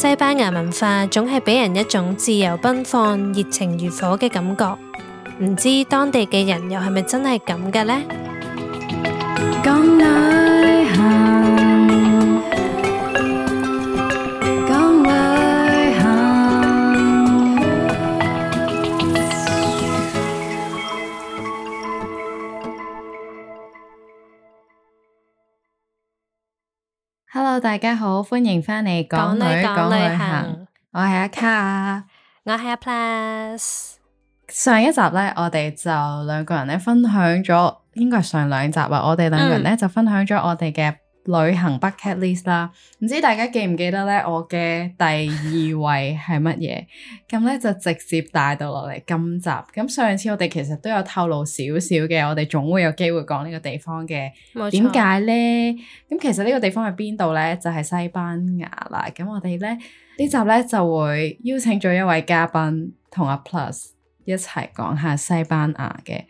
西班牙文化總係俾人一種自由奔放、熱情如火嘅感覺，唔知當地嘅人又係咪真係咁㗎呢？大家好，歡迎返嚟港女港旅行。旅行。我係阿卡，我係阿 Plus。上一集咧，我哋就兩個人咧分享咗，應該係上兩集啊。我哋兩個人咧、嗯、就分享咗我哋嘅。旅行 bucket list 啦，唔知大家記唔記得咧？我嘅第二位係乜嘢？咁咧 就直接帶到落嚟今集。咁上次我哋其實都有透露少少嘅，我哋總會有機會講呢個地方嘅點解咧？咁錯其實呢個地方喺邊度咧？就係、是、西班牙啦。咁我哋咧呢集咧就會邀請咗一位嘉賓同阿 Plus 一齊講下西班牙嘅。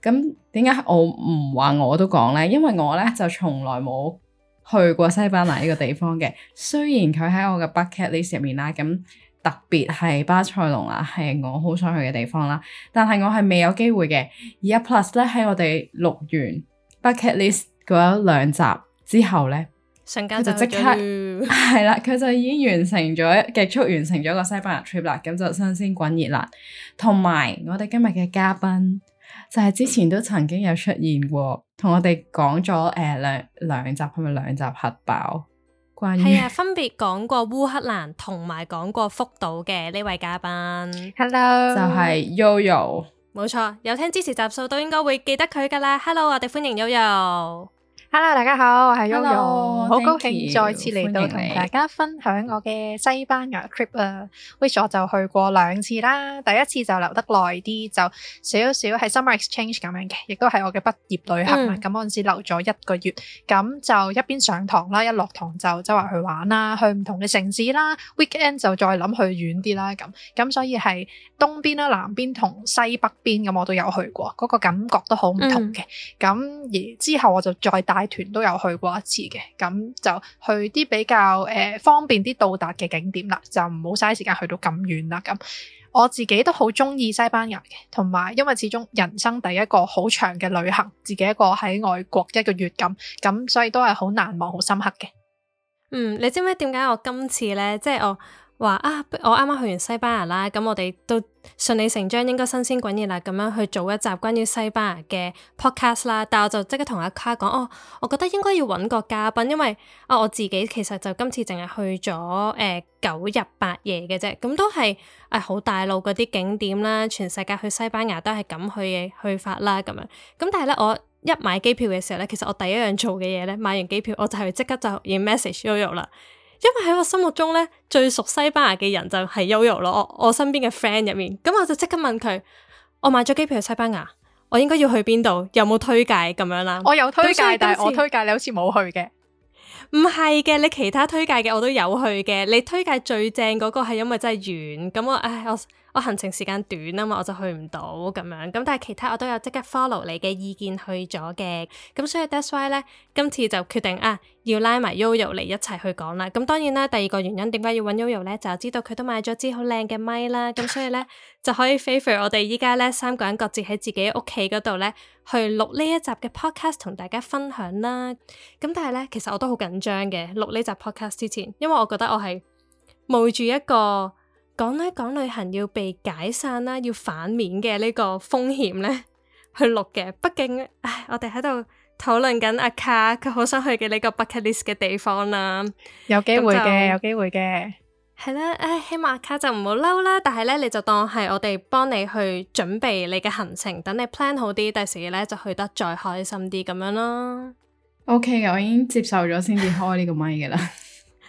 咁點解我唔話我都講咧？因為我咧就從來冇去過西班牙呢個地方嘅，雖然佢喺我嘅 bucket list 入面啦，咁特別係巴塞隆拿，係我好想去嘅地方啦，但係我係未有機會嘅。而阿 Plus 咧喺我哋錄完 bucket list 嗰一兩集之後咧，瞬間就即刻，係啦， 佢就已經完成咗，極速完成咗個西班牙 trip 啦，咁就新鮮滾熱辣。同埋我哋今日嘅嘉賓。就係之前都曾經有出現過，同我哋講咗誒兩兩集，係咪兩集核爆？關於係啊，分別講過烏克蘭同埋講過福島嘅呢位嘉賓。Hello，就係 Yoyo。冇錯，有聽之前集數都應該會記得佢噶啦。Hello，我哋歡迎 Yoyo。Hello，大家好，我係 Yoyo 好 Hello, 高興 Thank you, 再次嚟到同大家分享我嘅西班牙 trip 啊，which 我就去過兩次啦。第一次就留得耐啲，就少少係 summer exchange 咁樣嘅，亦都係我嘅畢業旅行啊。咁、嗯、我嗰陣時留咗一個月，咁就一邊上堂啦，一落堂就周圍去玩啦，去唔同嘅城市啦。weekend 就再諗去遠啲啦，咁咁所以係東邊啦、南邊同西北邊咁我都有去過，嗰、那個感覺都好唔同嘅。咁、嗯、而之後我就再帶。團都有去過一次嘅，咁就去啲比較誒、呃、方便啲到達嘅景點啦，就唔好嘥時間去到咁遠啦。咁我自己都好中意西班牙嘅，同埋因為始終人生第一個好長嘅旅行，自己一個喺外國一個月咁，咁所以都係好難忘、好深刻嘅。嗯，你知唔知點解我今次呢？即係我？話啊，我啱啱去完西班牙啦，咁我哋都順理成章應該新鮮滾熱辣咁樣去做一集關於西班牙嘅 podcast 啦。但我就即刻同阿 Car 講，哦，我覺得應該要揾個嘉賓，因為啊、哦，我自己其實就今次淨係去咗誒、呃、九日八夜嘅啫，咁都係誒好大路嗰啲景點啦，全世界去西班牙都係咁去嘅去法啦，咁樣。咁但係呢，我一買機票嘅時候呢，其實我第一樣做嘅嘢呢，買完機票我就係即刻就要 message Yoyo 啦。因為喺我心目中咧，最熟西班牙嘅人就係 Yoyo 咯，我我身邊嘅 friend 入面。咁我就即刻問佢，我買咗機票去西班牙，我應該要去邊度，有冇推介咁樣啦、啊？我有推介，但係我推介你好似冇去嘅，唔係嘅，你其他推介嘅我都有去嘅，你推介最正嗰個係因為真係遠。」咁我唉我。唉我我行程時間短啊嘛，我就去唔到咁樣咁，但係其他我都有即刻 follow 你嘅意見去咗嘅，咁所以 that’s why 呢，今次就決定啊，要拉埋 Yoyo 嚟一齊去講啦。咁當然啦，第二個原因點解要揾 Yoyo 呢？就知道佢都買咗支好靚嘅咪啦，咁所以呢，就可以 f a v 方便我哋依家呢三個人各自喺自己屋企嗰度呢，去錄呢一集嘅 podcast 同大家分享啦。咁但係呢，其實我都好緊張嘅，錄呢集 podcast 之前，因為我覺得我係冒住一個講咧，講旅行要被解散啦，要反面嘅呢個風險呢去錄嘅。畢竟唉，我哋喺度討論緊阿卡，佢好想去嘅呢個 bucket list 嘅地方啦。有機會嘅，就有機會嘅係啦。唉，起碼阿卡就唔好嬲啦。但係呢，你就當係我哋幫你去準備你嘅行程，等你 plan 好啲，第時呢就去得再開心啲咁樣咯。OK，我已經接受咗先至開呢個咪噶啦。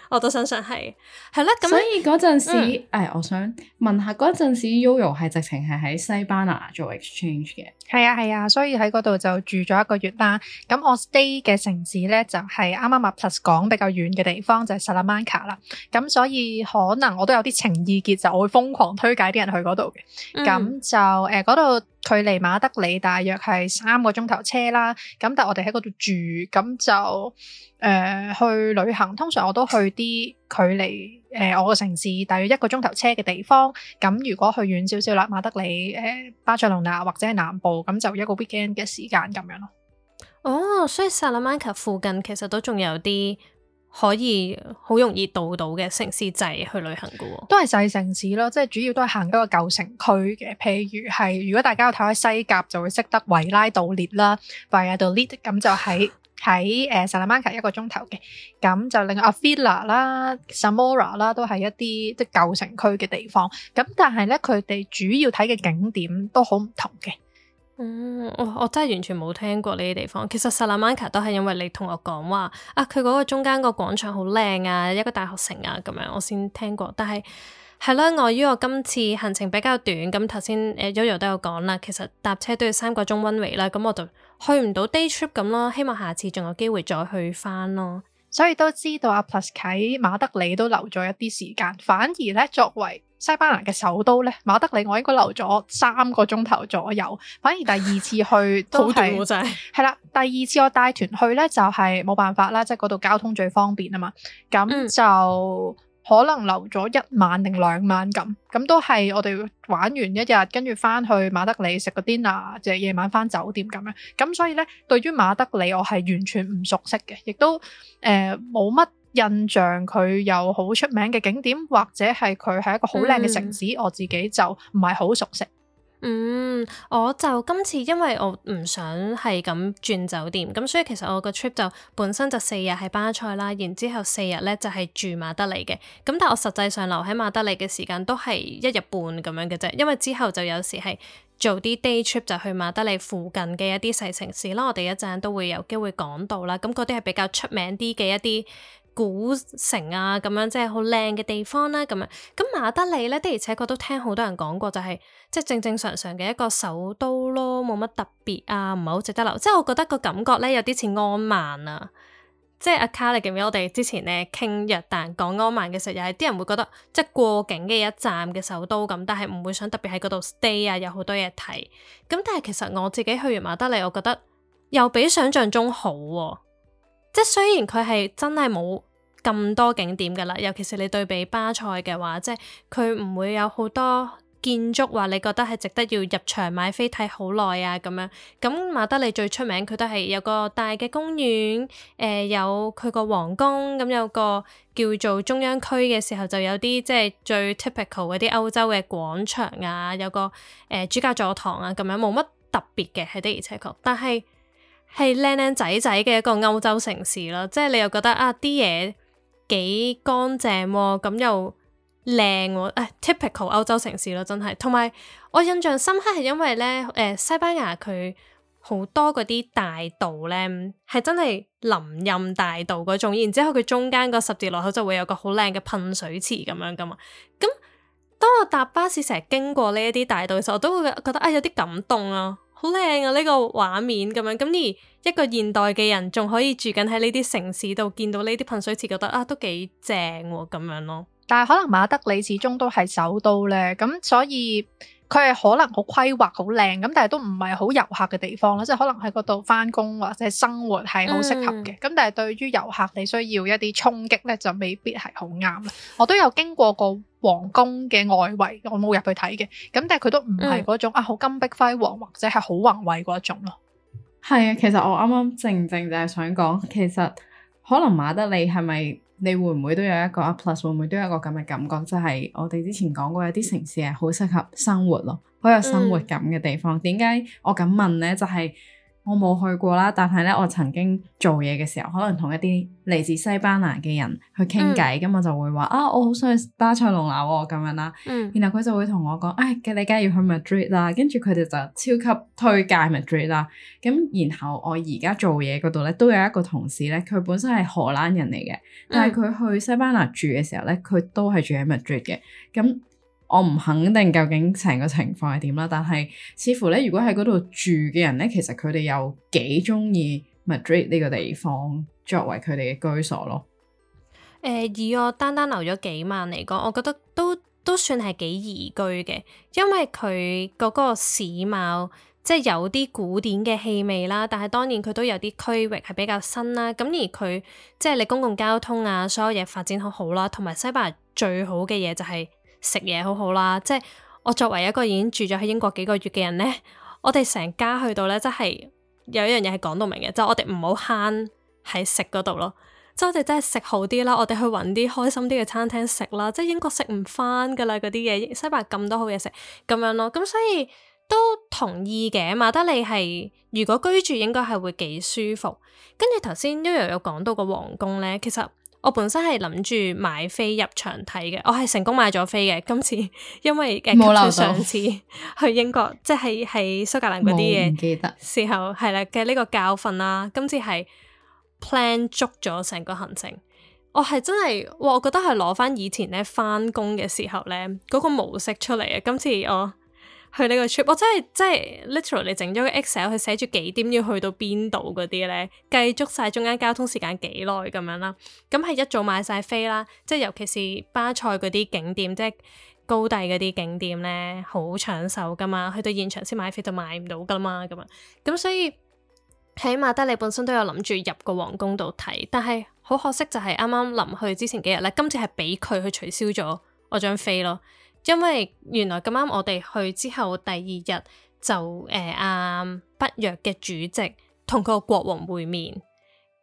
我都相信係係啦，咁所以嗰陣時，誒、嗯，哎，我想問下嗰陣時，Yoyo 係直情係喺西班牙做 exchange 嘅。係啊係啊，所以喺嗰度就住咗一個月啦。咁我 stay 嘅城市咧就係啱啱阿 Plus 講比較遠嘅地方就係 Salamanca 啦。咁所以可能我都有啲情意結，就會瘋狂推介啲人去嗰度嘅。咁、嗯、就誒嗰度距離馬德里大約係三個鐘頭車啦。咁但係我哋喺嗰度住，咁就誒、呃、去旅行，通常我都去啲。距離誒、呃、我嘅城市，大約一個鐘頭車嘅地方，咁如果去遠少少啦，馬德里誒、呃、巴塞隆納或者係南部，咁就一個 weekend 嘅時間咁樣咯。哦，所以薩拉曼卡附近其實都仲有啲可以好容易到到嘅城市仔去旅行嘅，哦，都係細城市咯，即係主要都係行嗰個舊城區嘅。譬如係如果大家睇開西甲，就會識得維拉道列啦，維拉道列咁就喺。 喺誒薩拉曼卡一個鐘頭嘅，咁就另外阿維拉啦、Zamora 啦都係一啲即舊城區嘅地方，咁但係咧佢哋主要睇嘅景點都好唔同嘅。嗯，我我真係完全冇聽過呢啲地方。其實薩拉曼卡都係因為你同我講話，啊佢嗰個中間個廣場好靚啊，一個大學城啊咁樣，我先聽過。但係係啦，礙於我今次行程比較短，咁頭先誒 Yoyo 都有講啦，其實搭車都要三個鐘温圍啦，咁我就。去唔到 day trip 咁咯，希望下次仲有機會再去翻咯。所以都知道阿、啊、Plus 喺馬德里都留咗一啲時間，反而咧作為西班牙嘅首都咧，馬德里我應該留咗三個鐘頭左右。反而第二次去都係係啦，第二次我帶團去咧就係、是、冇辦法啦，即係嗰度交通最方便啊嘛，咁就。嗯可能留咗一晚定兩晚咁，咁都係我哋玩完一日，跟住翻去馬德里食個 dinner，就夜晚翻酒店咁樣。咁所以呢，對於馬德里我係完全唔熟悉嘅，亦都誒冇乜印象佢有好出名嘅景點，或者係佢係一個好靚嘅城市，嗯，我自己就唔係好熟悉。嗯，我就今次因為我唔想係咁轉酒店，咁所以其實我個 trip 就本身就四日喺巴塞啦，然之後四日咧就係住馬德里嘅。咁但係我實際上留喺馬德里嘅時間都係一日半咁樣嘅啫，因為之後就有時係做啲 day trip 就去馬德里附近嘅一啲細城市啦。我哋一陣都會有機會講到啦，咁嗰啲係比較出名啲嘅一啲。古城啊，咁樣即係好靚嘅地方啦、啊，咁樣。咁馬德里呢，的而且確都聽好多人講過、就是，就係即係正正常常嘅一個首都咯，冇乜特別啊，唔係好值得留。即係我覺得個感覺呢，有啲似安曼啊。即係阿 Car，記唔記得我哋之前呢傾約旦講安曼嘅時候，又係啲人會覺得即係過境嘅一站嘅首都咁，但係唔會想特別喺嗰度 stay 啊，有好多嘢睇。咁但係其實我自己去完馬德里，我覺得又比想像中好喎、啊。即係雖然佢係真係冇。咁多景點㗎啦，尤其是你對比巴塞嘅話，即係佢唔會有好多建築話你覺得係值得要入場買飛睇好耐啊咁樣。咁馬德里最出名佢都係有個大嘅公園，誒、呃、有佢個皇宮，咁、嗯、有個叫做中央區嘅時候就有啲即係最 typical 嗰啲歐洲嘅廣場啊，有個誒、呃、主教座堂啊咁樣，冇乜特別嘅係的而且確，確，但係係靚靚仔仔嘅一個歐洲城市咯，即係你又覺得啊啲嘢。幾乾淨喎，咁又靚喎，誒 typical 歐洲城市咯，真係。同埋我印象深刻係因為呢，誒、呃、西班牙佢好多嗰啲大道呢，係真係林蔭大道嗰種，然之後佢中間個十字路口就會有個好靚嘅噴水池咁樣噶嘛。咁、嗯、當我搭巴士成日經過呢一啲大道嘅時候，我都會覺得啊、哎、有啲感動啊，好靚啊呢、這個畫面咁樣咁、嗯、而。一個現代嘅人仲可以住緊喺呢啲城市度，見到呢啲噴水池，覺得啊都幾正喎咁樣咯。但係可能馬德里始終都係首都咧，咁所以佢係可能好規劃、好靚，咁但係都唔係好遊客嘅地方啦。即係可能喺嗰度翻工或者生活係好適合嘅。咁、嗯、但係對於遊客，你需要一啲衝擊咧，就未必係好啱啦。我都有經過過皇宮嘅外圍，我冇入去睇嘅。咁但係佢都唔係嗰種、嗯、啊，好金碧輝煌或者係好宏麗嗰一種咯。係啊，其實我啱啱正正就係想講，其實可能馬德里係咪你會唔會都有一個 plus，會唔會都有一個咁嘅感覺，就係、是、我哋之前講過有啲城市係好適合生活咯，好有生活感嘅地方。點解、嗯、我咁問咧？就係、是。我冇去過啦，但係咧，我曾經做嘢嘅時候，可能同一啲嚟自西班牙嘅人去傾偈，咁、嗯、我就會話啊，我好想那、啊嗯我哎、去巴塞隆拿喎咁樣啦。嗯，然後佢就會同我講，唉，你梗係要去馬德里啦，跟住佢哋就超級推介馬德里啦。咁然後我而家做嘢嗰度咧，都有一個同事咧，佢本身係荷蘭人嚟嘅，嗯、但係佢去西班牙住嘅時候咧，佢都係住喺馬德里嘅。咁我唔肯定究竟成個情況係點啦，但係似乎咧，如果喺嗰度住嘅人咧，其實佢哋又幾中意 Madrid 呢個地方作為佢哋嘅居所咯。誒、呃，以我單單留咗幾晚嚟講，我覺得都都算係幾宜居嘅，因為佢嗰個市貌即係有啲古典嘅氣味啦。但係當然佢都有啲區域係比較新啦。咁而佢即係你公共交通啊，所有嘢發展好好啦。同埋西班牙最好嘅嘢就係、是。食嘢好好啦，即係我作為一個已經住咗喺英國幾個月嘅人呢，我哋成家去到呢，真係有一樣嘢係講到明嘅，就係我哋唔好慳喺食嗰度咯，即係我哋真係食好啲啦，我哋去搵啲開心啲嘅餐廳食啦，即係英國食唔翻噶啦，嗰啲嘢西班牙咁多好嘢食咁樣咯，咁所以都同意嘅，馬德里係如果居住應該係會幾舒服，跟住頭先 Yoyo 有講到個皇宮呢，其實。我本身係諗住買飛入場睇嘅，我係成功買咗飛嘅。今次因爲誒，上次去英國，即係喺蘇格蘭嗰啲嘢，時候，係啦嘅呢個教訓啦。今次係 plan 足咗成個行程，我係真係，哇！我覺得係攞翻以前咧翻工嘅時候咧嗰個模式出嚟啊！今次我。去呢個 trip，我真係真係 literally 你整咗個 Excel 去寫住幾點要去到邊度嗰啲呢，計足晒中間交通時間幾耐咁樣啦。咁係一早買晒飛啦，即係尤其是巴塞嗰啲景點，即係高第嗰啲景點呢，好搶手噶嘛。去到現場先買飛就買唔到噶啦嘛，咁啊，咁所以喺馬德里本身都有諗住入個皇宮度睇，但係好可惜就係啱啱臨去之前幾日咧，今次係俾佢去取消咗我張飛咯。因為原來咁啱我哋去之後，第二日就誒阿北約嘅主席同個國王會面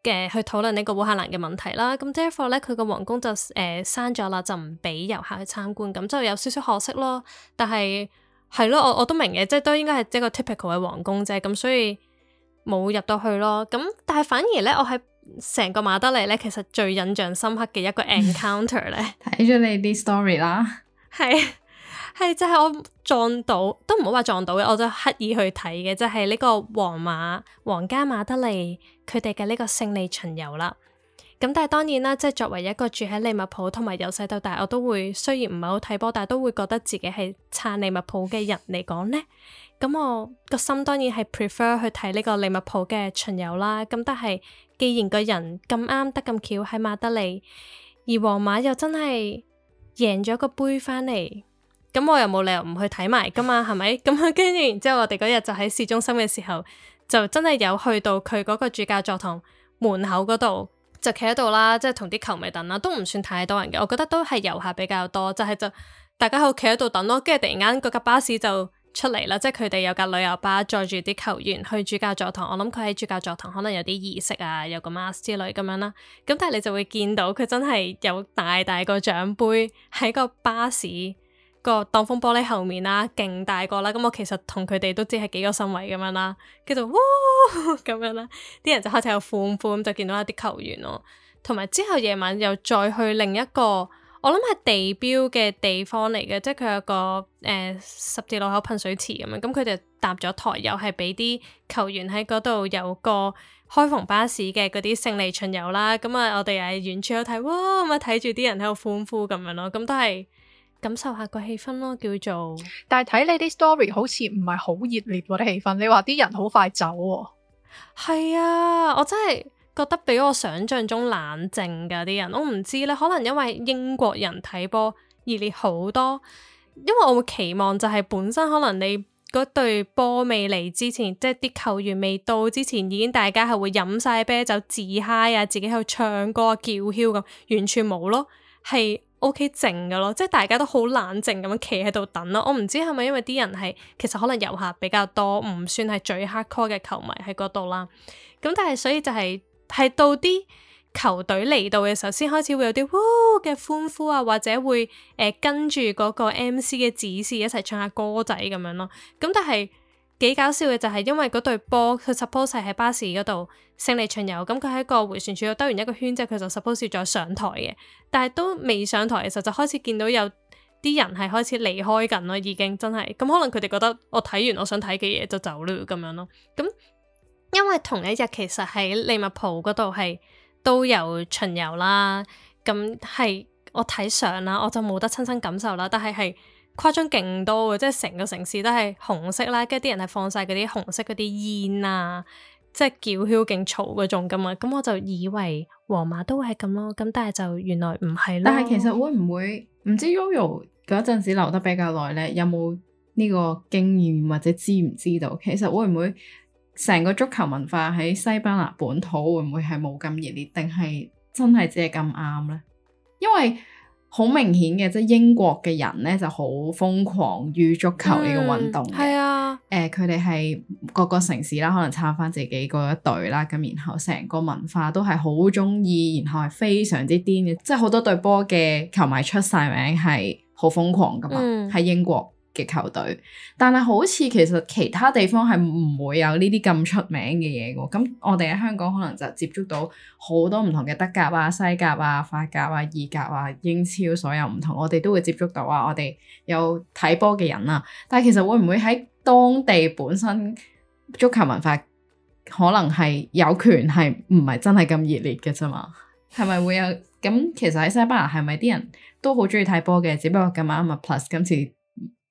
嘅，去討論呢個烏克蘭嘅問題啦。咁 therefore 咧，佢個王宮就誒閂咗啦，就唔俾遊客去參觀，咁就有少少可惜咯。但係係咯，我我都明嘅，即係都應該係一個 typical 嘅王宮啫。咁所以冇入到去咯。咁但係反而咧，我喺成個馬德里咧，其實最印象深刻嘅一個 encounter 咧， 睇咗你啲 story 啦。係，係就係我撞到，都唔好話撞到嘅，我就刻意去睇嘅，就係、是、呢個皇馬、皇家馬德里佢哋嘅呢個勝利巡遊啦。咁但係當然啦，即係作為一個住喺利物浦，同埋由細到大，我都會雖然唔係好睇波，但係都會覺得自己係撐利物浦嘅人嚟講呢。咁我個心當然係 prefer 去睇呢個利物浦嘅巡遊啦。咁但係既然個人咁啱得咁巧喺馬德里，而皇馬又真係。贏咗個杯翻嚟，咁 我又冇理由唔去睇埋㗎嘛，係咪？咁跟住然之後，就係、我哋嗰日就喺市中心嘅時候，就真係有去到佢嗰個主教座堂門口嗰度，就企喺度啦，即係同啲球迷等啦，都唔算太多人嘅，我覺得都係遊客比較多，就係、係、就大家喺度企喺度等咯，跟住突然間嗰架巴士就～出嚟啦，即係佢哋有架旅遊巴載住啲球員去主教座堂，我諗佢喺主教座堂可能有啲儀式啊，有個 mask 之類咁樣啦。咁但係你就會見到佢真係有大大個獎盃喺個巴士個擋風玻璃後面啦，勁大個啦。咁我其實同佢哋都知係幾個身位咁樣啦，叫做哇咁樣啦，啲人就開始有歡呼咁，就見到一啲球員咯，同埋之後夜晚又再去另一個。我諗係地標嘅地方嚟嘅，即係佢有個誒、呃、十字路口噴水池咁樣，咁、嗯、佢就搭咗台又係俾啲球員喺嗰度有個開篷巴士嘅嗰啲勝利巡遊啦，咁啊我哋喺遠處有睇，哇咁啊，睇住啲人喺度歡呼咁樣咯，咁、嗯嗯、都係感受下個氣氛咯，叫做。但係睇你啲 story 好似唔係好熱烈啲氣氛，你話啲人好快走喎。哦。係啊，我真係。覺得比我想象中冷靜嘅啲人，我唔知呢，可能因為英國人睇波熱烈好多，因為我會期望就係本身可能你嗰隊波未嚟之前，即係啲球員未到之前，已經大家係會飲晒啤酒自嗨 i 啊，自己喺度唱歌啊，叫囂咁，完全冇咯，係 OK 靜嘅咯，即係大家都好冷靜咁樣企喺度等咯。我唔知係咪因為啲人係其實可能遊客比較多，唔算係最黑 c a l l 嘅球迷喺嗰度啦。咁但係所以就係、是。係到啲球隊嚟到嘅時候，先開始會有啲嘩嘅歡呼啊，或者會誒、呃、跟住嗰個 MC 嘅指示一齊唱下歌仔咁樣咯。咁、嗯、但係幾搞笑嘅就係因為嗰隊波佢 suppose 係喺巴士嗰度勝利巡遊，咁佢喺個迴旋處兜完一個圈之後，佢就 suppose 再上台嘅。但係都未上台嘅時候，就開始見到有啲人係開始離開緊咯，已經真係咁、嗯、可能佢哋覺得我睇完我想睇嘅嘢就走咯咁樣咯，咁、嗯。因為同一日其實喺利物浦嗰度係都有巡遊啦，咁係我睇相啦，我就冇得親身感受啦。但係係誇張勁多嘅，即係成個城市都係紅色啦，跟住啲人係放晒嗰啲紅色嗰啲煙啊，即係叫囂勁嘈嗰種咁啊。咁我就以為皇馬都會係咁咯，咁但係就原來唔係喇。但係其實會唔會？唔知 Yoyo 嗰陣時留得比較耐咧，有冇呢個經驗或者知唔知道？其實會唔會？成個足球文化喺西班牙本土會唔會係冇咁熱烈，定係真係只係咁啱呢？因為好明顯嘅，即、嗯、英國嘅人呢就好瘋狂於足球呢個運動嘅。係、嗯、啊，誒、呃，佢哋係各個城市啦，可能撐翻自己嗰一隊啦，咁然後成個文化都係好鍾意，然後係非常之癲嘅，即、就、好、是、多對波嘅球迷出晒名係好瘋狂㗎嘛，喺、嗯、英國。嘅球隊，但係好似其實其他地方係唔會有呢啲咁出名嘅嘢嘅，咁我哋喺香港可能就接觸到好多唔同嘅德甲啊、西甲啊、法甲啊、意甲啊、英超所有唔同，我哋都會接觸到啊，我哋有睇波嘅人啊，但係其實會唔會喺當地本身足球文化可能係有權係唔係真係咁熱烈嘅啫嘛？係咪 會有？咁其實喺西班牙係咪啲人都好中意睇波嘅？只不過咁啱啊，Plus 今次。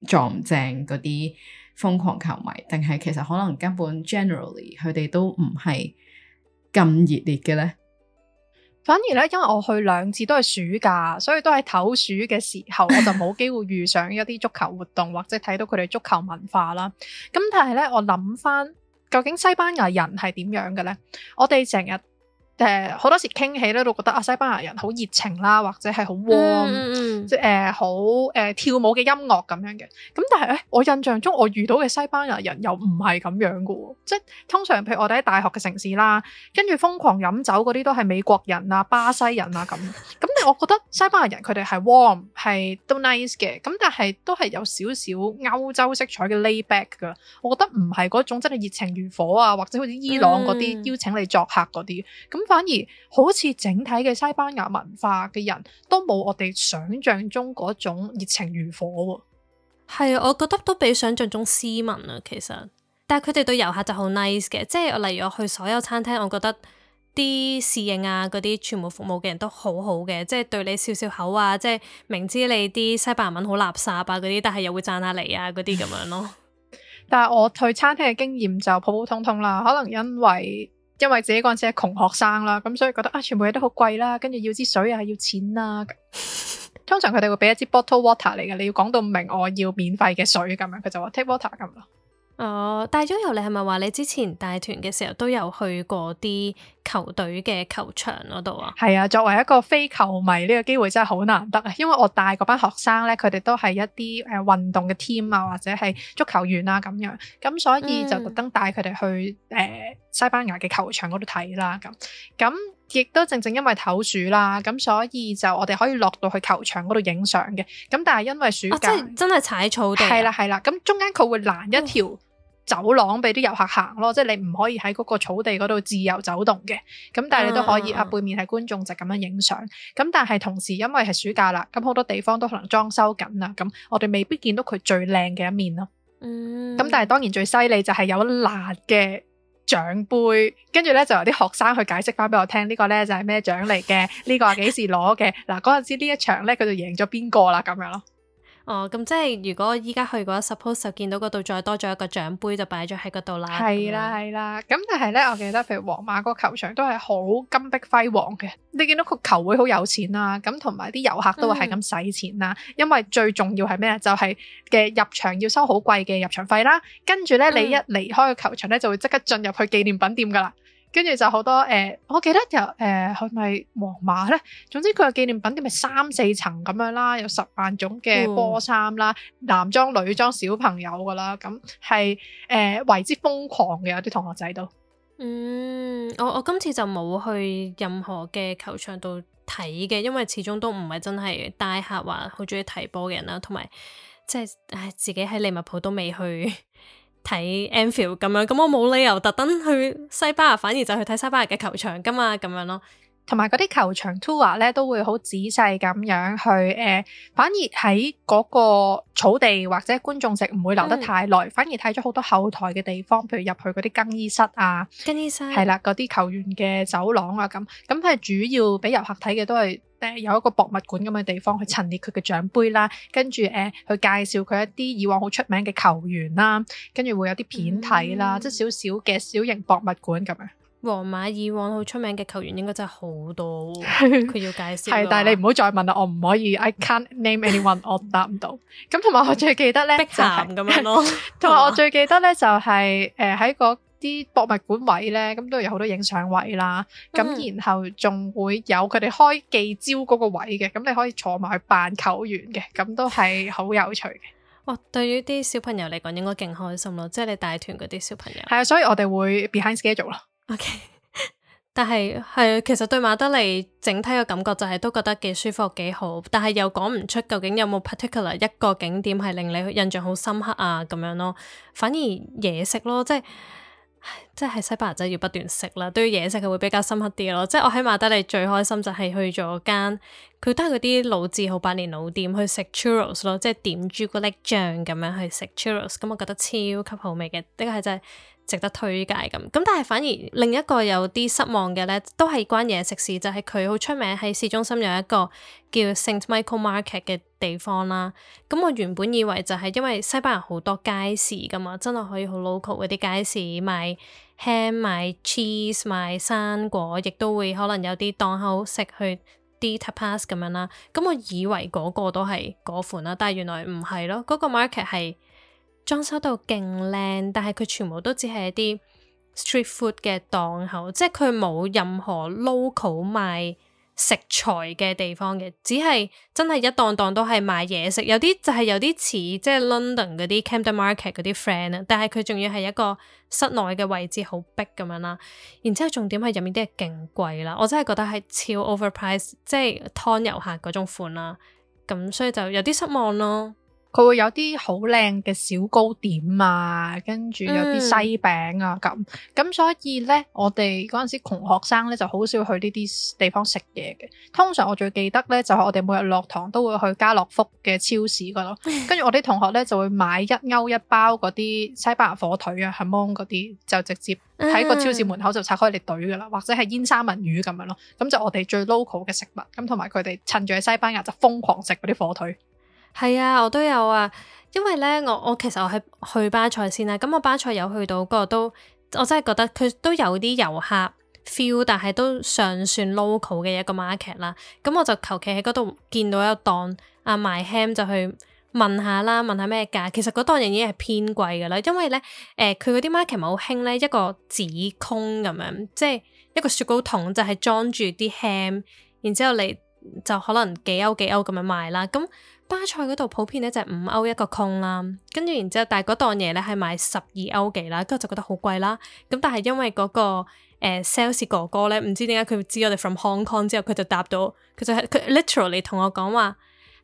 撞正嗰啲瘋狂球迷，定係其實可能根本 generally 佢哋都唔係咁熱烈嘅呢？反而咧，因為我去兩次都係暑假，所以都係唞暑嘅時候，我就冇機會遇上一啲足球活動 或者睇到佢哋足球文化啦。咁但係咧，我諗翻究竟西班牙人係點樣嘅呢？我哋成日。誒好，呃、多時傾起咧，都覺得啊西班牙人好熱情啦，或者係好 warm，即係誒好誒跳舞嘅音樂咁樣嘅。咁但係誒、呃，我印象中我遇到嘅西班牙人又唔係咁樣嘅喎。即係通常譬如我哋喺大學嘅城市啦，跟住瘋狂飲酒嗰啲都係美國人啊、巴西人啊咁咁。 我覺得西班牙人佢哋係 warm，係都 nice 嘅，咁但係都係有少少歐洲色彩嘅 lay back 噶。我覺得唔係嗰種真係熱情如火啊，或者好似伊朗嗰啲邀請你作客嗰啲，咁、嗯、反而好似整體嘅西班牙文化嘅人都冇我哋想象中嗰種熱情如火喎。係、啊，我覺得都比想象中斯文啊，其實。但係佢哋對遊客就好 nice 嘅，即係例如我去所有餐廳，我覺得。啲侍應啊，嗰啲全部服務嘅人都好好嘅，即係對你笑笑口啊，即係明知你啲西班牙文好垃圾啊，嗰啲但係又會讚下你啊，嗰啲咁樣咯。 但係我去餐廳嘅經驗就普普通通啦，可能因為因為自己嗰陣時係窮學生啦，咁所以覺得啊，全部嘢都好貴啦，跟住要支水啊，要錢啦、啊。通常佢哋會俾一支 bottle water 嚟嘅，你要講到明我要免費嘅水咁樣，佢就話 take water 咁咯。哦，帶咗遊你係咪話你之前帶團嘅時候都有去過啲球隊嘅球場嗰度啊？係啊，作為一個非球迷呢個機會真係好難得啊！因為我帶嗰班學生咧，佢哋都係一啲誒運動嘅 team 啊，或者係足球員啊咁樣，咁所以就特登帶佢哋去誒、嗯呃、西班牙嘅球場嗰度睇啦咁。咁亦都正正因為唞暑啦，咁所以就我哋可以落到去球場嗰度影相嘅。咁但係因為暑假，啊、即係真係真係踩草地。係啦係啦，咁、啊啊、中間佢會攔一條走廊俾啲遊客行咯，即係你唔可以喺嗰個草地嗰度自由走動嘅。咁但係你都可以啊，嗯、背面係觀眾就咁樣影相。咁但係同時因為係暑假啦，咁好多地方都可能裝修緊啦。咁我哋未必見到佢最靚嘅一面咯。嗯。咁但係當然最犀利就係有辣嘅獎杯，跟住咧就由啲學生去解釋翻俾我聽，呢、呢個咧就係咩獎嚟嘅？呢 個係幾時攞嘅？嗱嗰陣時呢一場咧佢就贏咗邊個啦咁樣咯。哦，咁即係如果依家去嘅話，suppose 就見到嗰度再多咗一個獎杯就擺咗喺嗰度啦。係啦，係 啦。咁但係咧，我記得譬如皇馬嗰個球場都係好金碧輝煌嘅。你見到個球會好有錢啦、啊，咁同埋啲遊客都會係咁使錢啦、啊。嗯、因為最重要係咩？就係、是、嘅入場要收好貴嘅入場費啦、啊。跟住咧，你一離開個球場咧，就會即刻進入去紀念品店㗎啦。跟住就好多誒，呃，我記得有誒，係咪皇馬咧？總之佢個紀念品店係三四層咁樣啦，有十萬種嘅波衫啦，男裝、女裝、小朋友噶啦，咁係誒為之瘋狂嘅有啲同學仔都。嗯，我我今次就冇去任何嘅球場度睇嘅，因為始終都唔係真係帶客話好中意睇波嘅人啦，同埋即係唉自己喺利物浦都未去。睇 Anfield 咁樣，咁我冇理由特登去西班牙，反而就去睇西班牙嘅球場㗎嘛，咁樣咯。同埋嗰啲球場 tour 咧、er，都會好仔細咁樣去，誒、呃，反而喺嗰個草地或者觀眾席唔會留得太耐，嗯、反而睇咗好多後台嘅地方，譬如入去嗰啲更衣室啊，更衣室係啦，嗰啲球員嘅走廊啊，咁，咁係主要俾遊客睇嘅都係。有一個博物館咁嘅地方去陳列佢嘅獎杯啦，跟住誒、呃、去介紹佢一啲以往好出名嘅球員啦，跟住會有啲片睇啦，嗯、即係少少嘅小型博物館咁樣。皇馬以往好出名嘅球員應該真係好多，佢 要介紹。係， 但係你唔好再問啦，我唔可以，I can't name anyone， 我答唔到。咁同埋我最記得咧就係、是，同埋 我最記得咧就係誒喺個啲博物館位呢，咁都有好多影相位啦。咁、嗯、然後仲會有佢哋開記招嗰個位嘅，咁、嗯、你可以坐埋去扮球員嘅，咁 都係好有趣嘅。哇、哦！對於啲小朋友嚟講，應該勁開心咯。即係你帶團嗰啲小朋友，係啊，所以我哋會 behind schedule 咯。O、okay, K，但係係其實對馬德里整體嘅感覺就係都覺得幾舒服幾好，但係又講唔出究竟有冇 particular 一個景點係令你印象好深刻啊咁樣咯。反而嘢食咯，即係。即即係西班牙仔要不斷食啦，對嘢食嘅會比較深刻啲咯。即係我喺馬德里最開心就係去咗間，佢都係嗰啲老字號百年老店去食 churros 咯，即係點朱古力醬咁樣去食 churros，咁、嗯、我覺得超級好味嘅，呢個係真係。值得推介咁，咁但係反而另一個有啲失望嘅呢，都係關嘢食事，就係佢好出名喺市中心有一個叫 Saint Michael Market 嘅地方啦。咁我原本以為就係、係、因為西班牙好多街市噶嘛，真係可以好 local 嗰啲街市賣 ham 賣 cheese 賣生果，亦都會可能有啲檔口食去啲 tapas 咁樣啦。咁我以為嗰個都係嗰款啦，但係原來唔係咯，嗰、嗰個 market 係。裝修到勁靚，但係佢全部都只係一啲 street food 嘅檔口，即係佢冇任何 local 賣食材嘅地方嘅，只係真係一檔檔都係賣嘢食，有啲就係有啲似即係 London 嗰啲 Camden Market 嗰啲 friend 啊，但係佢仲要係一個室內嘅位置好逼咁樣啦，然之後重點係入面啲係勁貴啦，我真係覺得係超 overpriced，即係劏遊客嗰種款啦，咁所以就有啲失望咯。佢會有啲好靚嘅小糕點啊，跟住有啲西餅啊咁，咁、嗯、所以呢，我哋嗰陣時窮學生呢就好少去呢啲地方食嘢嘅。通常我最記得呢，就係、是、我哋每日落堂都會去家樂福嘅超市嗰度， 跟住我啲同學呢，就會買一歐一包嗰啲西班牙火腿啊、香芒嗰啲，就直接喺個超市門口就拆開嚟隊㗎啦，或者係煙三文魚咁樣咯。咁就我哋最 local 嘅食物，咁同埋佢哋趁住喺西班牙就瘋狂食嗰啲火腿。係啊，我都有啊，因為呢，我我其實我係去巴塞先啦。咁、嗯、我巴塞有去到個都，我真係覺得佢都有啲遊客 feel，但係都尚算 local 嘅一個 market 啦。咁、嗯、我就求其喺嗰度見到一個檔啊賣 ham 就去問下啦，問下咩價。其實嗰檔嘢已經係偏貴噶啦，因為呢，誒佢嗰啲 market 咪好興呢一個紙筒咁樣，即係一個雪糕筒就係裝住啲 ham，然之後你就可能幾歐幾歐咁樣賣啦。咁、嗯.花菜嗰度普遍咧就係五歐一個空啦，跟住然之後，但係嗰檔嘢咧係賣十二歐幾啦，跟住就覺得好貴啦。咁但係因為嗰個呃 sales 哥哥咧，唔知點解佢知我哋 from Hong Kong 之後，佢就答到，佢就係佢 literally 同我講話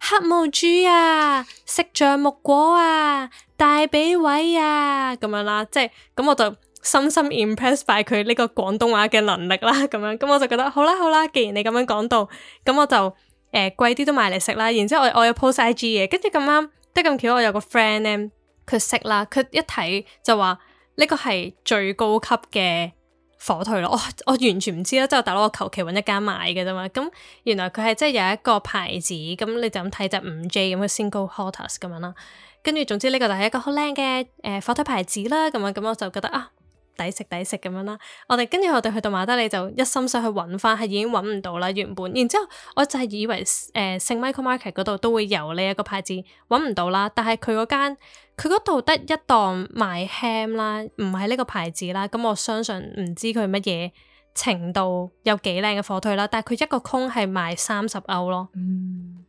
黑毛豬啊，食橡木果啊，大髀位啊，咁樣啦，即係咁我就深深 impress by 佢呢個廣東話嘅能力啦。咁樣咁我就覺得好啦好啦，既然你咁樣講到，咁我就。誒、呃、貴啲都買嚟食啦，然之後我我有 post I G 嘅，跟住咁啱得咁巧，我有個 friend 咧佢識啦，佢一睇就話呢、呢個係最高級嘅火腿咯。我我完全唔知啦、嗯，即係我大佬我求其揾一間買嘅啫嘛。咁原來佢係即係有一個牌子咁、嗯，你就咁睇就五 J 咁嘅 single hotus 咁樣啦。跟住總之呢個就係一個好靚嘅誒火腿牌子啦。咁樣咁我就覺得啊～抵食抵食咁樣啦，我哋跟住我哋去到馬德里就一心想去揾翻，係已經揾唔到啦原本。然之後，我就係以為誒聖 Michael Market 嗰度都會有呢一個牌子，揾唔到啦。但係佢嗰間佢嗰度得一檔賣 ham 啦，唔係呢個牌子啦。咁我相信唔知佢乜嘢程度有幾靚嘅火腿啦。但係佢一個空係賣三十歐咯。嗯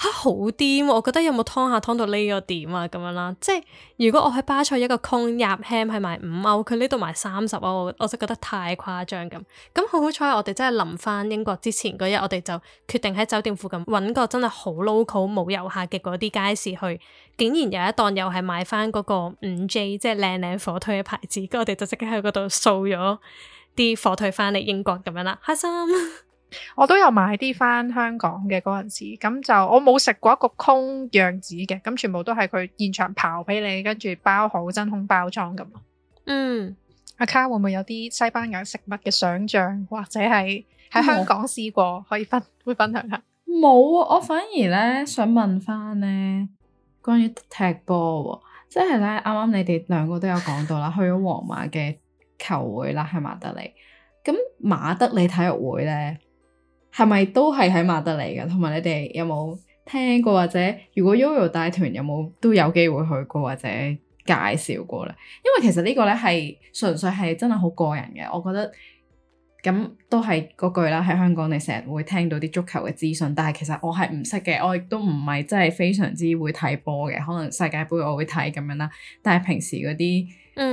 嚇好癲，啊，我覺得有冇劏下劏到呢個點啊咁樣啦，啊，即係如果我喺巴塞一個 con 入 ham 係賣五歐，佢呢度賣三十歐，我就真覺得太誇張咁。咁好好彩，我哋真係臨翻英國之前嗰日，我哋就決定喺酒店附近揾個真係好 local 冇遊客嘅嗰啲街市去，竟然有一檔又係賣翻嗰個五 J，即係靚靚火腿嘅牌子，咁我哋就即刻喺嗰度掃咗啲火腿翻嚟英國咁樣啦，啊，開心！我都有買啲翻香港嘅嗰陣時，咁就我冇食過一個空樣子嘅，咁全部都係佢現場刨俾你，跟住包好真空包裝咁咯。嗯，阿卡會唔會有啲西班牙食物嘅想像，或者係喺香港試過、嗯、可以分會分享下？冇啊，我反而咧想問翻咧，關於踢波喎，即係咧啱啱你哋兩個都有講到啦， 去咗皇馬嘅球會啦，喺馬德里，咁馬德里體育會咧。係咪都係喺馬德里嘅？同埋你哋有冇聽過或者，如果 Yoyo 帶團有冇都有機會去過或者介紹過呢？因為其實呢個呢係純粹係真係好個人嘅，我覺得咁都係嗰句啦。喺香港，你成日會聽到啲足球嘅資訊，但係其實我係唔識嘅，我亦都唔係真係非常之會睇波嘅。可能世界盃我會睇咁樣啦，但係平時嗰啲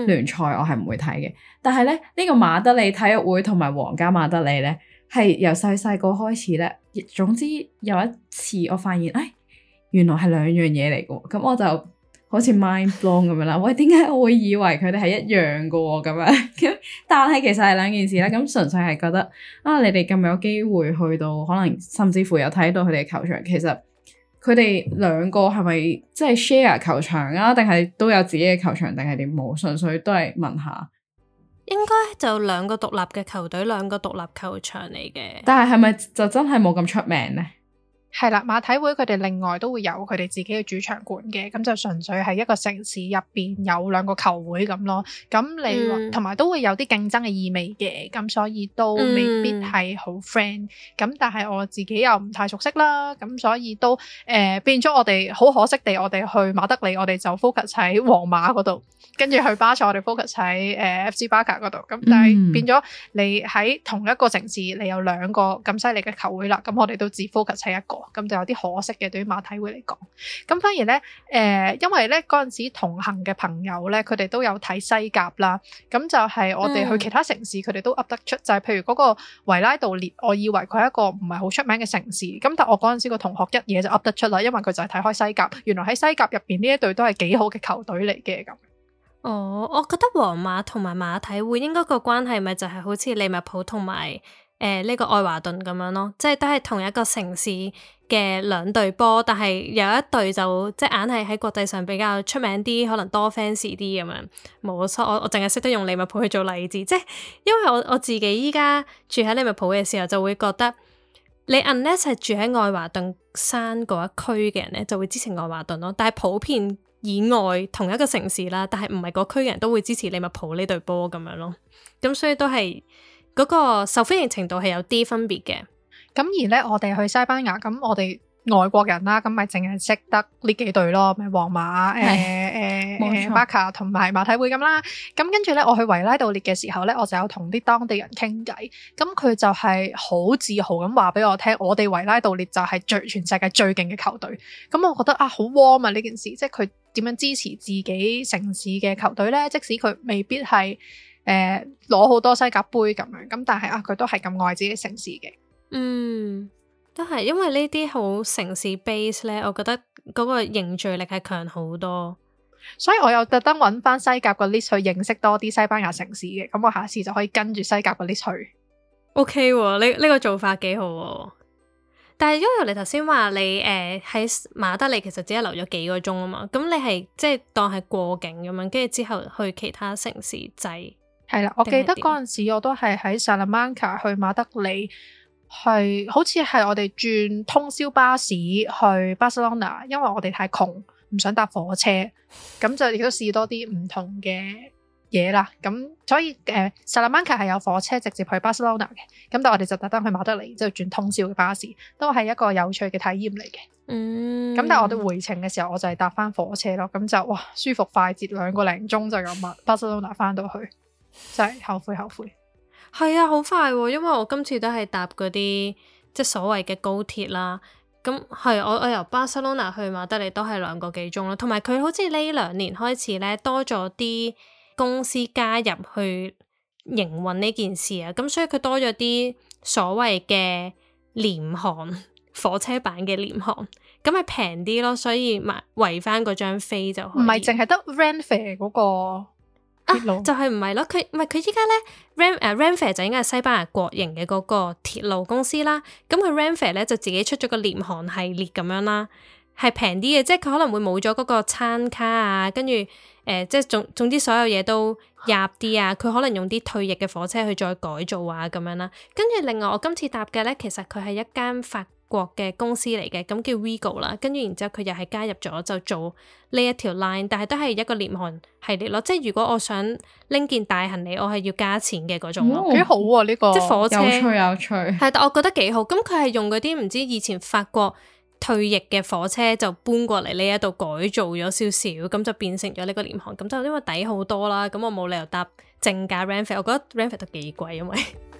聯賽我係唔會睇嘅。嗯、但係呢，呢、呢個馬德里體育會同埋皇家馬德里呢。係由細細個開始咧，總之有一次我發現，哎，原來係兩樣嘢嚟嘅，咁我就好似 mind blown 咁樣啦。喂，點解我會以為佢哋係一樣嘅？咁 樣但係其實係兩件事啦。咁純粹係覺得啊，你哋咁有機會去到，可能甚至乎有睇到佢哋嘅球場。其實佢哋兩個係咪即係 share 球場啊？定係都有自己嘅球場，定係點冇？純粹都係問下。應該就兩個獨立嘅球隊，兩個獨立球場嚟嘅。但係係咪就真係冇咁出名呢？係啦，馬體會佢哋另外都會有佢哋自己嘅主場館嘅，咁就純粹係一個城市入邊有兩個球會咁咯。咁你同埋都會有啲競爭嘅意味嘅，咁所以都未必係好 friend，嗯。咁但係我自己又唔太熟悉啦，咁所以都誒、呃，變咗我哋好可惜地，我哋去馬德里，我哋就 focus 喺皇馬嗰度，跟住去巴塞我，我哋 focus 喺誒 FC 巴卡嗰度。咁但係變咗你喺同一個城市，你有兩個咁犀利嘅球會啦，咁我哋都只 focus 喺一個。咁就有啲可惜嘅，對於馬體會嚟講，咁反而呢，誒、呃，因為呢嗰陣時同行嘅朋友呢，佢哋都有睇西甲啦，咁就係我哋去其他城市，佢哋、嗯、都噏得出，就係、是、譬如嗰個維拉道列，我以為佢係一個唔係好出名嘅城市，咁但我嗰陣時個同學一嘢就噏得出啦，因為佢就係睇開西甲，原來喺西甲入邊呢一隊都係幾好嘅球隊嚟嘅咁。哦，我覺得皇馬同埋馬體會應該個關係咪就係好似利物浦同埋。誒呢個愛華頓咁樣咯，即係都係同一個城市嘅兩隊波，但係有一隊就即係硬係喺國際上比較出名啲，可能多 fans 啲咁樣。冇錯，我我淨係識得用利物浦去做例子，即係因為我我自己依家住喺利物浦嘅時候，就會覺得你 unless 係住喺愛華頓山嗰一區嘅人呢，就會支持愛華頓咯。但係普遍以外同一個城市啦，但係唔係嗰區嘅人都會支持利物浦呢隊波咁樣咯。咁所以都係。嗰個受歡迎程度係有啲分別嘅，咁而呢，我哋去西班牙，咁我哋外國人啦，咁咪淨係識得呢幾隊咯，咪皇馬、誒誒、巴薩同埋馬體會咁啦。咁跟住呢，我去維拉杜列嘅時候呢，我就有同啲當地人傾偈，咁佢就係好自豪咁話俾我聽，我哋維拉杜列就係最全世界最勁嘅球隊。咁我覺得啊，好 warm 啊呢件事，即係佢點樣支持自己城市嘅球隊呢？即使佢未必係。誒攞好多西甲杯咁樣，咁但係啊，佢都係咁愛自己城市嘅。嗯，都係因為呢啲好城市 base 咧，我覺得嗰個凝聚力係強好多。所以我又特登揾翻西甲個 list 去認識多啲西班牙城市嘅。咁我下次就可以跟住西甲個 list 去。OK，呢呢個做法幾好喎。但係 Yoyo，你頭先話你誒喺、呃、馬德里其實只係留咗幾個鐘啊嘛。咁你係即係當係過境咁樣，跟住之後去其他城市滯。係啦，我記得嗰陣時我都係喺薩拉曼卡係馬德里，去好似係我哋轉通宵巴士去巴塞隆納，因為我哋太窮唔想搭火車，咁就亦都試多啲唔同嘅嘢啦。咁所以誒，薩拉曼卡係有火車直接去巴塞隆納嘅，咁但係我哋就特登去馬德里，即係轉通宵嘅巴士，都係一個有趣嘅體驗嚟嘅。嗯，咁但係我哋回程嘅時候，我就係搭翻火車咯，咁就哇舒服快捷，兩個零鐘就有咁，巴塞隆納翻到去。就係後悔後悔，係啊，好快喎，因為我今次都係搭嗰啲即係所謂嘅高鐵啦。咁係我我由巴塞羅那去馬德里都係兩個幾鐘咯。同埋佢好似呢兩年開始咧多咗啲公司加入去營運呢件事啊。咁所以佢多咗啲所謂嘅廉航火車版嘅廉航，咁咪平啲咯。所以買圍翻嗰張飛就唔係淨係得 van 飛嗰個。啊，就係唔係咯，佢唔係，佢依家咧，Ram 誒、啊、Ramfer 就應該係西班牙國營嘅嗰個鐵路公司啦。咁佢 Ramfer 咧就自己出咗個廉航系列咁樣啦，係平啲嘅，即係佢可能會冇咗嗰個餐卡啊，跟住誒，即係總總之所有嘢都入啲啊。佢可能用啲退役嘅火車去再改造啊咁樣啦。跟住另外我今次搭嘅咧，其實佢係一間法國嘅公司嚟嘅，咁叫 Ouigo 啦，跟住然之後佢又係加入咗就做呢一條 line，但係都係一個廉航系列咯。即係如果我想拎件大行李，我係要加錢嘅嗰種咯。幾、哦、那好啊呢、這個，即係火車有趣有趣。係，但我覺得幾好。咁佢係用嗰啲唔知以前法國退役嘅火車就搬過嚟呢一度改造咗少少，咁就變成咗呢個廉航。咁就因為抵好多啦，咁我冇理由搭正價 Renfe 我覺得 Renfe 都幾貴，因為。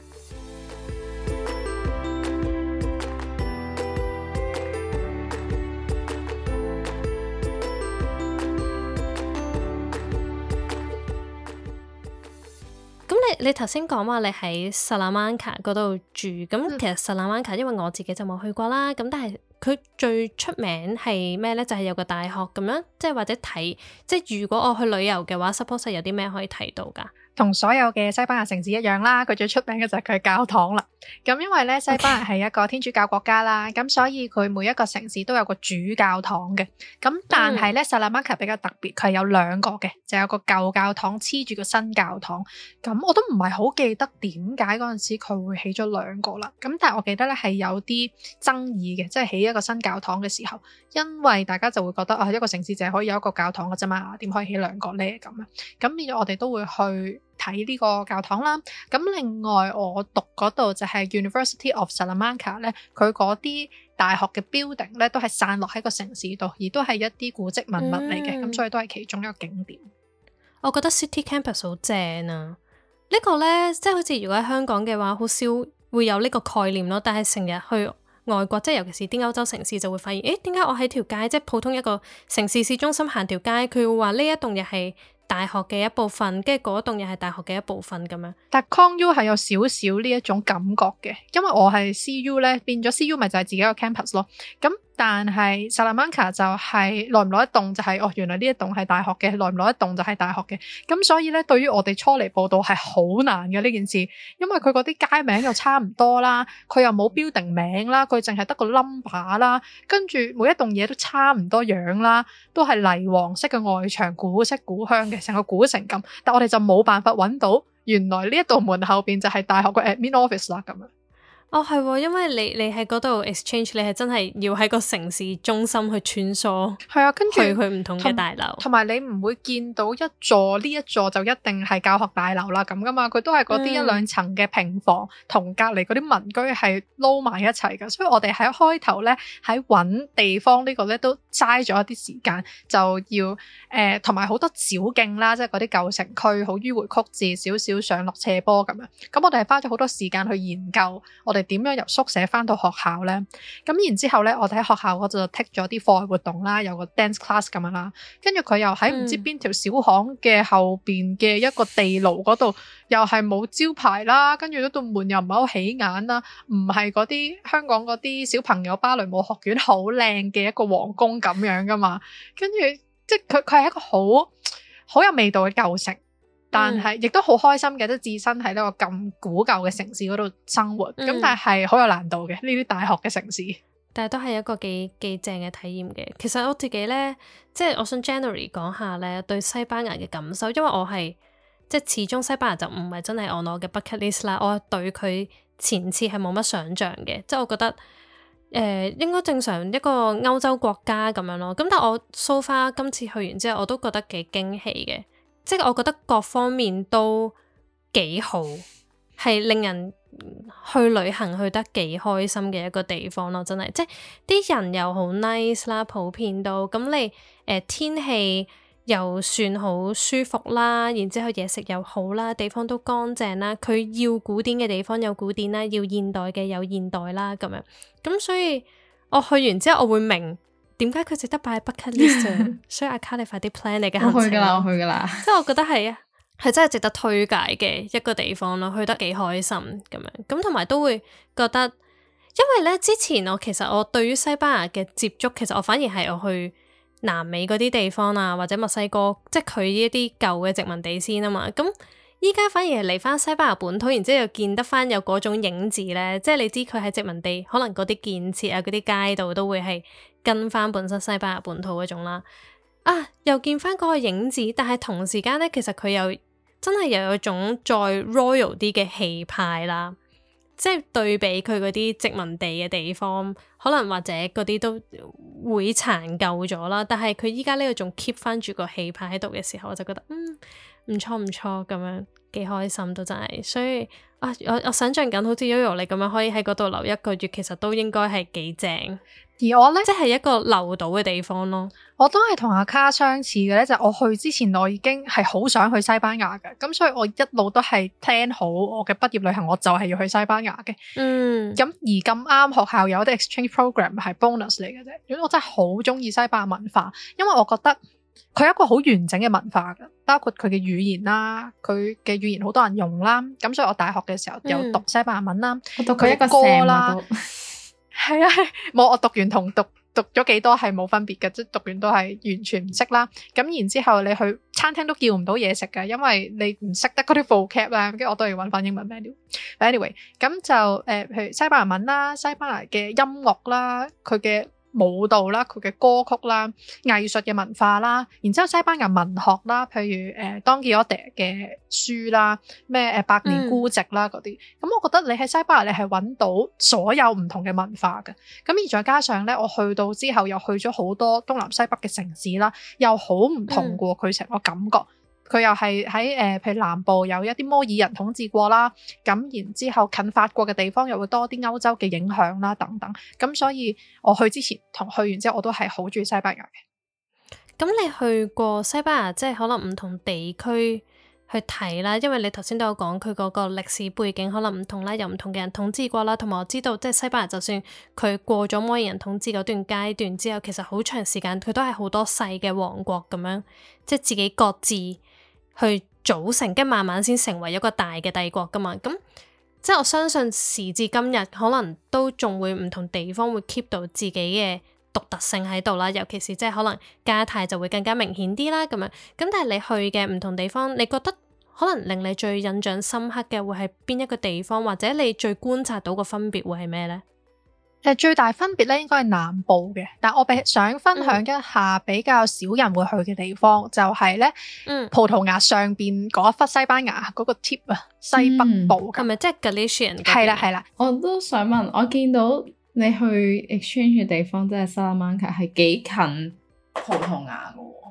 即係你頭先講話你喺薩拉曼卡嗰度住，咁其實薩拉曼卡因為我自己就冇去過啦，咁但係佢最出名係咩呢？就係、是、有個大學咁樣，即係或者睇，即係如果我去旅遊嘅話，suppose 有啲咩可以睇到噶？同所有嘅西班牙城市一樣啦，佢最出名嘅就係佢教堂啦。咁因為咧，西班牙係一個天主教國家啦，咁所以佢每一個城市都有個主教堂嘅。咁但係咧，薩拉曼卡比較特別，佢係有兩個嘅，就有個舊教堂黐住個新教堂。咁我都唔係好記得點解嗰陣時佢會起咗兩個啦。咁但係我記得咧係有啲爭議嘅，即係起一個新教堂嘅時候，因為大家就會覺得啊，一個城市淨係可以有一個教堂嘅啫嘛，點可以起兩個咧咁？咁變咗我哋都會去。睇呢個教堂啦，咁另外我讀嗰度就係 University of Salamanca 咧，佢嗰啲大學嘅 building 咧都係散落喺個城市度，而都係一啲古蹟文物嚟嘅，咁、嗯、所以都係其中一個景點。我覺得 city campus 好正啊！呢、呢個呢，即係好似如果喺香港嘅話，好少會有呢個概念咯，但係成日去外國，即係尤其是啲歐洲城市就會發現，誒點解我喺條街即係普通一個城市市中心行條街，佢會話呢一棟又係，大學嘅一部分，跟住嗰棟又係大學嘅一部分咁樣，但係 Con U 係有少少呢一種感覺嘅，因為我係 CU 呢，變咗 CU 咪就係自己一個 campus 咯，嗯但係薩拉曼卡就係耐唔耐一棟就係、是、哦，原來呢一棟係大學嘅，耐唔耐一棟就係大學嘅。咁所以咧，對於我哋初嚟報道係好難嘅呢件事，因為佢嗰啲街名又差唔多啦，佢又冇標定名啦，佢淨係得個 number 啦，跟住每一棟嘢都差唔多樣啦，都係泥黃色嘅外牆，古色古香嘅，成個古城咁。但我哋就冇辦法揾到原來呢一棟門後邊就係大學個 admin office 啦咁啊！哦，係、哦，因為你你喺嗰度 exchange，你係真係要喺個城市中心去穿梭，係啊，跟住去唔同嘅大樓，同埋你唔會見到一座呢一座就一定係教學大樓啦咁噶嘛，佢都係嗰啲一兩層嘅平房，同隔籬嗰啲民居係撈埋一齊噶，所以我哋喺開頭咧喺搵地方個呢個咧都嘥咗一啲時間，就要誒，同埋好多小徑啦，即係嗰啲舊城區好迂迴曲折，少少上落斜坡咁樣，咁我哋係花咗好多時間去研究我。我哋點樣由宿舍翻到學校咧？咁然之後咧，我哋喺學校嗰度就 take 咗啲課外活動啦，有個 dance class 咁樣啦。跟住佢又喺唔知邊條小巷嘅後邊嘅一個地牢嗰度，嗯、又係冇招牌啦。跟住嗰度門又唔係好起眼啦，唔係嗰啲香港嗰啲小朋友芭蕾舞學院好靚嘅一個皇宮咁樣噶嘛。跟住即係佢，佢係一個好好有味道嘅舊城。但係亦都好開心嘅，即係置身喺呢個咁古舊嘅城市嗰度生活，咁、嗯、但係好有難度嘅呢啲大學嘅城市，但係都係一個幾幾正嘅體驗嘅。其實我自己呢，即係我想 generally 講下呢對西班牙嘅感受，因為我係即係始終西班牙就唔係真係 on my bucket list 啦。我對佢前次係冇乜想象嘅，即係我覺得誒、呃，應該正常一個歐洲國家咁樣咯。咁但係我 so far 今次去完之後，我都覺得幾驚喜嘅。即係我覺得各方面都幾好，係令人去旅行去得幾開心嘅一個地方咯，真係！即係啲人又好 nice 啦，普遍都咁你誒，天氣又算好舒服啦，然之後嘢食又好啦，地方都乾淨啦，佢要古典嘅地方有古典啦，要現代嘅有現代啦，咁樣咁所以我去完之後，我會明。點解佢值得擺喺 bucket list？所以阿卡，你快啲 plan 你嘅行程。我去㗎喇，我去㗎喇。即係我覺得係啊，係真係值得推介嘅一個地方咯。去得幾開心咁樣，咁同埋都會覺得，因為呢之前我其實我對於西班牙嘅接觸，其實我反而係我去南美嗰啲地方啊，或者墨西哥，即係佢一啲舊嘅殖民地先啊嘛。咁依家反而係嚟返西班牙本土，然之後又見得返有嗰種影子呢。即係你知佢喺殖民地，可能嗰啲建設啊、嗰啲街道都會係。跟翻本身西班牙本土嗰種啦，啊，又見翻嗰個影子，但係同時間呢，其實佢又真係又有種再 royal 啲嘅氣派啦，即係對比佢嗰啲殖民地嘅地方，可能或者嗰啲都會殘舊咗啦，但係佢依家呢個仲 keep 翻住個氣派喺度嘅時候，我就覺得嗯唔錯唔錯咁樣，幾開心都真係，所以啊，我我想象緊好似 Yoyo 你咁樣可以喺嗰度留一個月，其實都應該係幾正。而我咧，即係一個漏到嘅地方咯。我都係同阿卡相似嘅咧，就係、是、我去之前，我已經係好想去西班牙嘅。咁所以我一路都係 plan 好我嘅畢業旅行，我就係要去西班牙嘅。嗯。咁而咁啱學校有啲 exchange program 係 bonus 嚟嘅啫。我真係好中意西班牙文化，因為我覺得佢係一個好完整嘅文化嘅，包括佢嘅語言啦，佢嘅語言好多人用啦。咁所以我大學嘅時候有讀西班牙文啦，讀佢、嗯、一個歌啦。嗯係啊，冇，我讀完同讀讀咗幾多係冇分別嘅，即係讀完都係完全唔識啦。咁然之後你去餐廳都叫唔到嘢食㗎，因為你唔識得嗰啲 vocab 啦。跟住我都係揾翻英文 menu。但係 anyway，咁就誒，譬、呃、如西班牙文啦，西班牙嘅音樂啦，佢嘅。舞蹈啦，佢嘅歌曲啦，藝術嘅文化啦，然之後西班牙文學啦，譬如誒當、呃、d 我爹嘅書啦，咩誒百年孤寂啦嗰啲，咁、嗯、我覺得你喺西班牙你係揾到所有唔同嘅文化嘅，咁而再加上咧，我去到之後又去咗好多東南西北嘅城市啦，又好唔同過佢成個感覺。嗯佢又係喺誒，譬如南部有一啲摩爾人統治過啦，咁然之後近法國嘅地方又會多啲歐洲嘅影響啦，等等。咁所以我去之前同去完之後，我都係好鍾意西班牙嘅。咁你去過西班牙，即係可能唔同地區去睇啦，因為你頭先都有講佢嗰個歷史背景可能唔同啦，有唔同嘅人統治過啦，同埋我知道即係西班牙，就算佢過咗摩爾人統治嗰段階段之後，其實好長時間佢都係好多細嘅王國咁樣，即係自己各自，去組成，跟慢慢先成為一個大嘅帝國㗎嘛。咁即係我相信時至今日，可能都仲會唔同地方會 keep 到自己嘅獨特性喺度啦。尤其是即係可能加泰就會更加明顯啲啦。咁樣咁，但係你去嘅唔同地方，你覺得可能令你最印象深刻嘅會係邊一個地方，或者你最觀察到個分別會係咩呢？誒最大分別咧，應該係南部嘅。但係我俾想分享一下比較少人會去嘅地方，嗯、就係咧，葡萄牙上邊嗰一忽西班牙嗰個 tip 啊、嗯，西北部係咪即係 Galician？係啦，係啦，是是我都想問，我見到你去 exchange 嘅地方即係 Salamanca 係幾近葡萄牙嘅喎？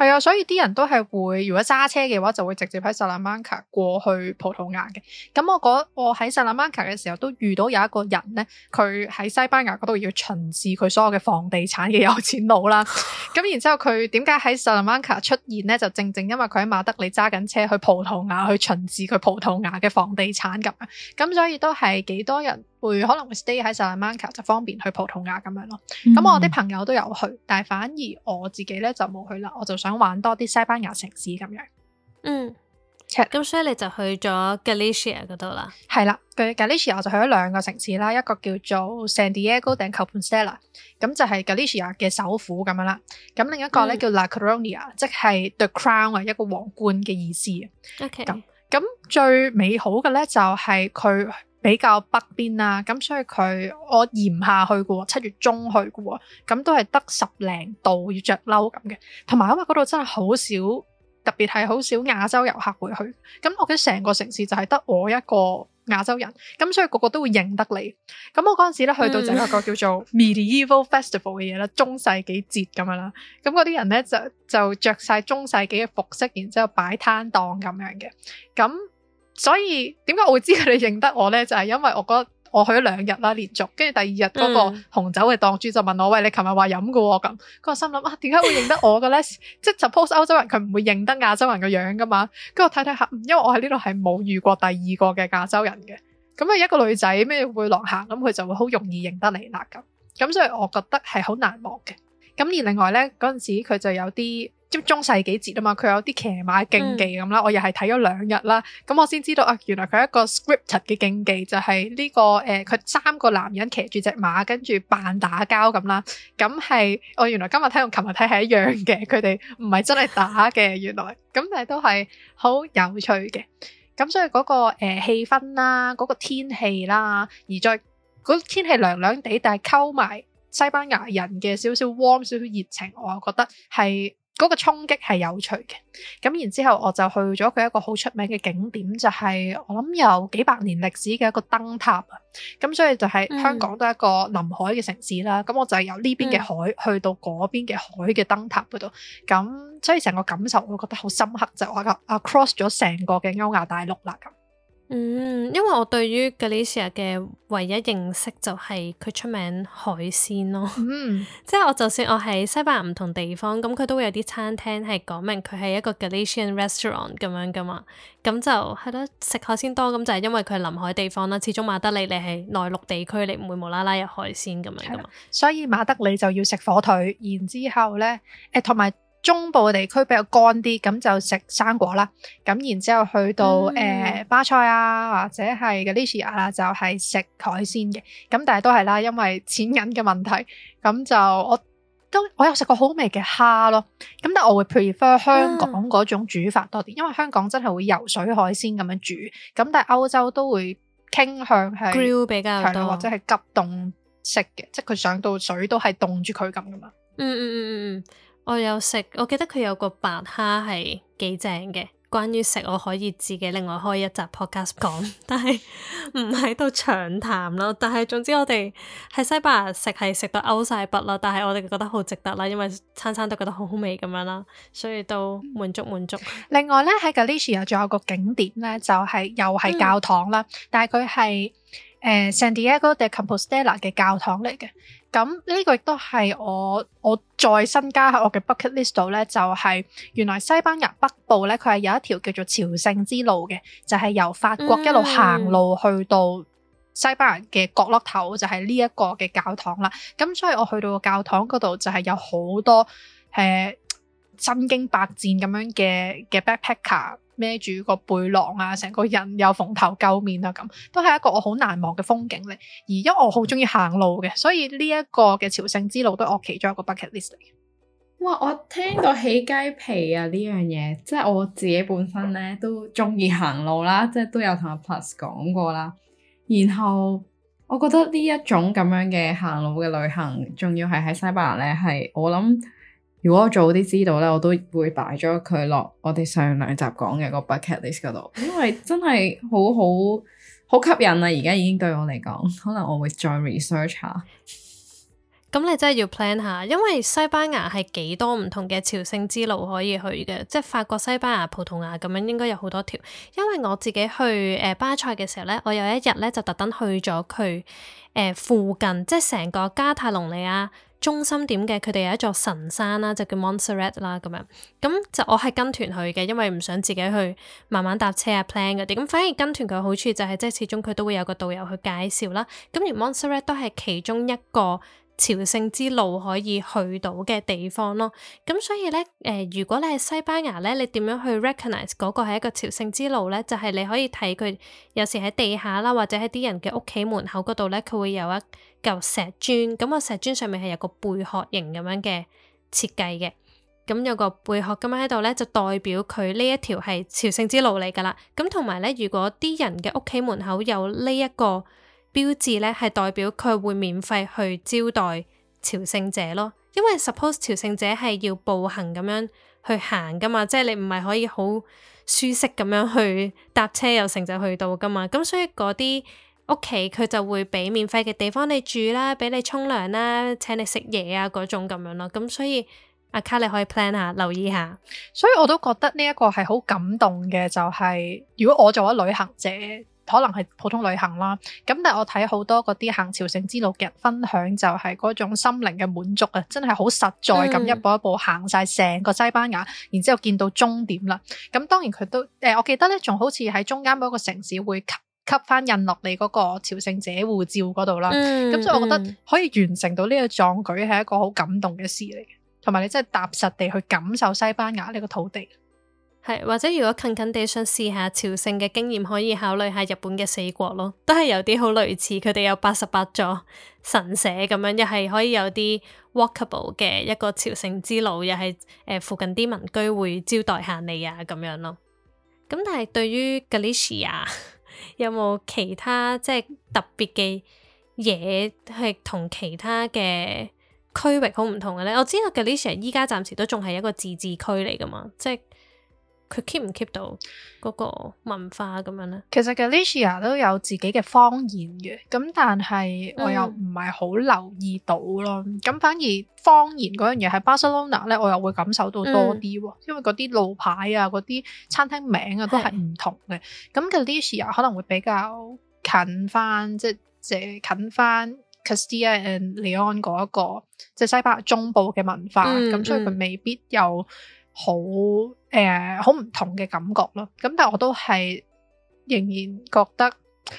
係啊，所以啲人都係會，如果揸車嘅話，就會直接喺薩拉曼卡過去葡萄牙嘅。咁我嗰我喺薩拉曼卡嘅時候，都遇到有一個人呢，佢喺西班牙嗰度要巡視佢所有嘅房地產嘅有錢佬啦。咁 然之後佢點解喺薩拉曼卡出現呢？就正正因為佢喺馬德里揸緊車去葡萄牙去巡視佢葡萄牙嘅房地產咁。咁所以都係幾多人。會可能會 stay 喺 Salamanca，就方便去葡萄牙咁樣咯。咁、嗯、我啲朋友都有去，但係反而我自己咧就冇去啦。我就想玩多啲西班牙城市咁樣。嗯，check。咁的所以你就去咗 Galicia 嗰度啦。係啦，佢 Galicia 就去咗兩個城市啦，一個叫做 Santiago de Compostela，咁就係 Galicia 嘅首府咁樣啦。咁另一個咧叫 La Coronia，、嗯、即係 The Crown 啊，一個皇冠嘅意思。O K、嗯。咁咁最美好嘅咧就係佢。比較北邊啦，咁所以佢我嫌下去嘅喎，七月中去嘅喎，咁都係得十零度要着褸咁嘅。同埋因為嗰度真係好少，特別係好少亞洲遊客會去，咁我覺得成個城市就係得我一個亞洲人，咁所以個個都會認得你。咁我嗰陣時咧去到就一個叫做 Medieval Festival 嘅嘢啦，中世紀節咁樣啦，咁嗰啲人咧就就著曬中世紀嘅服飾，然之後擺攤檔咁樣嘅，咁。所以點解我會知佢哋認得我咧？就係、是、因為我覺、那、得、個、我去咗兩日啦，連續跟住第二日嗰個紅酒嘅檔主就問我：嗯、喂，你琴日話飲嘅喎咁。跟住心諗啊，點解會認得我嘅咧？即係 就 suppose 歐洲人，佢唔會認得亞洲人嘅樣噶嘛。跟住我睇睇下，因為我喺呢度係冇遇過第二個嘅亞洲人嘅。咁啊，一個女仔咩會落行，咁佢就會好容易認得你啦咁。咁所以我覺得係好難忘嘅。咁而另外咧嗰陣時，佢就有啲。即中世紀節啊嘛，佢有啲騎馬競技咁啦，我又係睇咗兩日啦，咁我先知道啊，原來佢一個 scripted 嘅競技，就係呢個誒，佢三個男人騎住隻馬，跟住扮打交咁啦，咁係我原來今日睇同琴日睇係一樣嘅，佢哋唔係真係打嘅，原來，咁但係都係好有趣嘅，咁所以嗰個誒氣氛啦，嗰個天氣啦，而再嗰天氣涼涼地，但係溝埋西班牙人嘅少少 warm 少少熱情，我覺得係。嗰個衝擊係有趣嘅，咁然之後我就去咗佢一個好出名嘅景點，就係、是、我諗有幾百年歷史嘅一個燈塔啊，咁所以就係香港都係一個臨海嘅城市啦，咁、嗯、我就係由呢邊嘅海、嗯、去到嗰邊嘅海嘅燈塔嗰度，咁所以成個感受我覺得好深刻就係、是、我 across 咗成個嘅歐亞大陸啦咁。嗯，因為我對於 Galicia 嘅唯一認識就係佢出名海鮮咯。嗯， 即係我就算我喺西班牙唔同地方，咁佢都會有啲餐廳係講明佢係一個 Galician restaurant 咁樣噶嘛。咁就係咯，食海鮮多咁就係因為佢臨海地方啦。始終馬德里你係內陸地區，你唔會無啦啦入海鮮咁樣噶嘛。所以馬德里就要食火腿，然之後咧，誒同埋。中部地區比較乾啲，咁就食生果啦。咁然之後去到誒、嗯呃、巴塞啊，或者係加利西亞啊，就係、是、食海鮮嘅。咁但係都係啦，因為錢銀嘅問題，咁就我都我有食過好味嘅蝦咯。咁但係我會 prefer 香港嗰種煮法多啲，嗯、因為香港真係會游水海鮮咁樣煮。咁但係歐洲都會傾向係 grill 比較或者係急凍式嘅，即係佢上到水都係凍住佢咁噶嘛。嗯嗯嗯嗯嗯。嗯。我有食，我記得佢有個白蝦係幾正嘅。關於食，我可以自己另外開一集 podcast 講，但係唔喺度長談咯。但係總之我哋喺西班牙食係食到嘔晒筆啦，但係我哋覺得好值得啦，因為餐餐都覺得好好味咁樣啦，所以都滿足滿足。另外咧喺 Galicia 仲有個景點咧，就係、是、又係教堂啦，嗯、但係佢係。誒、uh，Santiago de Compostela 嘅教堂嚟嘅，咁呢、這個亦都係我我再新加喺我嘅 bucket list 度咧，就係、是、原來西班牙北部咧，佢係有一條叫做朝聖之路嘅，就係、是、由法國一路行路去到西班牙嘅角落頭，就係呢一個嘅教堂啦。咁所以我去到教堂嗰度就係有好多誒、呃，真經百戰咁樣嘅嘅 backpacker 孭住個背囊啊，成個人又蓬頭垢面啊，咁都係一個我好難忘嘅風景嚟。而因為我好中意行路嘅，所以呢一個嘅朝聖之路都係我其中一個 bucket list 嚟嘅。哇！我聽到起雞皮啊呢樣嘢，即係我自己本身咧都中意行路啦，即係都有同阿 Plus 講過啦。然後我覺得呢一種咁樣嘅行路嘅旅行，仲要係喺西班牙咧，係我諗。如果我早啲知道咧，我都會擺咗佢落我哋上兩集講嘅個 bucket list 嗰度，因為真係好好好吸引啊！而家已經對我嚟講，可能我會再 research 下。咁、嗯、你真係要 plan 下，因為西班牙係幾多唔同嘅朝聖之路可以去嘅，即係法國、西班牙、葡萄牙咁樣應該有好多條。因為我自己去誒、呃、巴塞嘅時候咧，我有一日咧就特登去咗佢誒附近，即係成個加泰隆尼亞。中心點嘅佢哋有一座神山啦，就叫 Montserrat 啦咁樣，咁就我係跟團去嘅，因為唔想自己去慢慢搭車啊 plan 啲，咁反而跟團佢好處就係、是、即係始終佢都會有個導遊去介紹啦，咁而 Montserrat 都係其中一個。朝聖之路可以去到嘅地方咯，咁所以呢，誒、呃，如果你係西班牙呢，你點樣去 recognize 嗰個係一個朝聖之路呢？就係、是、你可以睇佢有時喺地下啦，或者喺啲人嘅屋企門口嗰度呢，佢會有一嚿石磚，咁、嗯、個石磚上面係有個貝殼形咁樣嘅設計嘅，咁、嗯、有個貝殼咁樣喺度呢，就代表佢呢一條係朝聖之路嚟噶啦。咁同埋呢，如果啲人嘅屋企門口有呢、這、一個。標誌呢係代表佢會免費去招待朝聖者咯，因為 suppose 朝聖者係要步行咁樣去行噶嘛，即係你唔係可以好舒適咁樣去搭車又成就去到噶嘛，咁所以嗰啲屋企佢就會俾免費嘅地方你住啦，俾你沖涼啦，請你食嘢啊嗰種咁樣咯，咁所以阿 Car 你可以 plan 下留意下。所以我都覺得呢一個係好感動嘅，就係、是、如果我做咗旅行者。可能係普通旅行啦，咁但係我睇好多嗰啲行朝聖之路嘅人分享，就係嗰種心靈嘅滿足啊！真係好實在咁一步一步行晒成個西班牙，然之後見到終點啦。咁當然佢都誒、呃，我記得咧仲好似喺中間某一個城市會吸吸翻印落你嗰個朝聖者護照嗰度啦。咁、嗯嗯、所以我覺得可以完成到呢個壯舉係一個好感動嘅事嚟嘅，同埋你真係踏實地去感受西班牙呢個土地。係或者如果近近哋想試下朝聖嘅經驗，可以考慮下日本嘅四國咯，都係有啲好類似。佢哋有八十八座神社咁樣，又係可以有啲 walkable 嘅一個朝聖之路，又係誒、呃、附近啲民居會招待下你啊咁樣咯。咁、嗯、但係對於 Galicia 有冇其他即係特別嘅嘢係同其他嘅區域好唔同嘅呢？我知道 Galicia 依家暫時都仲係一個自治區嚟噶嘛，即係。佢 keep 唔 keep 到嗰個文化咁樣咧？其實 Galicia 都有自己嘅方言嘅，咁但係我又唔係好留意到咯。咁、嗯、反而方言嗰樣嘢喺 Barcelona 咧，我又會感受到多啲喎，嗯、因為嗰啲路牌啊、嗰啲餐廳名啊都係唔同嘅。咁是 Galicia 可能會比較近翻，即、就、係、是、近翻 Castilla and Leon 嗰、那、一個，即、就、係、是、西班牙中部嘅文化。咁、嗯嗯、所以佢未必有好。誒，好唔、呃、同嘅感覺咯，咁但我都係仍然覺得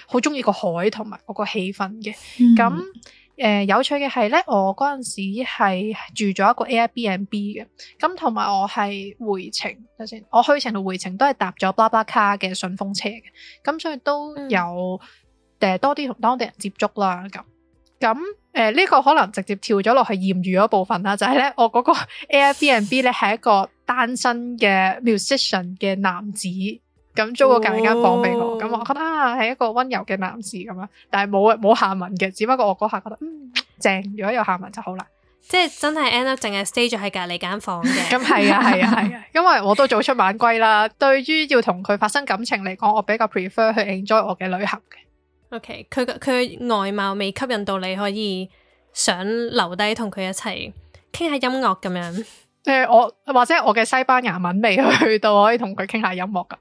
好中意個海同埋嗰個氣氛嘅。咁、嗯，誒、呃、有趣嘅係咧，我嗰陣時係住咗一個 Airbnb 嘅，咁同埋我係回程頭先，我去程同回程都係搭咗 BlaBlaCar 嘅順風車嘅，咁所以都有誒、嗯呃、多啲同當地人接觸啦。咁，咁誒呢個可能直接跳咗落去豔遇嗰部分啦，就係、是、咧我嗰個 Airbnb 咧係一個。 單身嘅 musician 嘅男子，咁租個隔籬間房俾我，咁、哦、我覺得啊係一個溫柔嘅男士咁樣，但係冇冇下文嘅，只不過我嗰刻覺得嗯正，如果有下文就好啦。即係真係 end up 淨係 stay 住喺隔籬間房嘅。咁係、嗯、啊係啊係啊，啊，因為我都早出晚歸啦。 對於要同佢發生感情嚟講，我比較 prefer 去 enjoy 我嘅旅行嘅。OK，佢佢外貌未吸引到你，可以想留低同佢一齊傾下音樂咁樣。誒、呃，我或者我嘅西班牙文未去到可以同佢傾下音樂噶，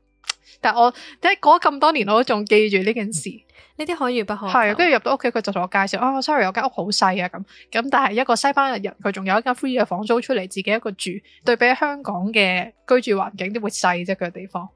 但係我即係過咁多年，我都仲記住呢件事。呢啲，可遇不可求，跟住入到屋企，佢就同我介紹啊、哦，sorry，我間屋好細啊，咁咁，但係一個西班牙人佢仲有一間 free 嘅房租出嚟，自己一個住，對比香港嘅居住環境點會細啫，啊？佢嘅地方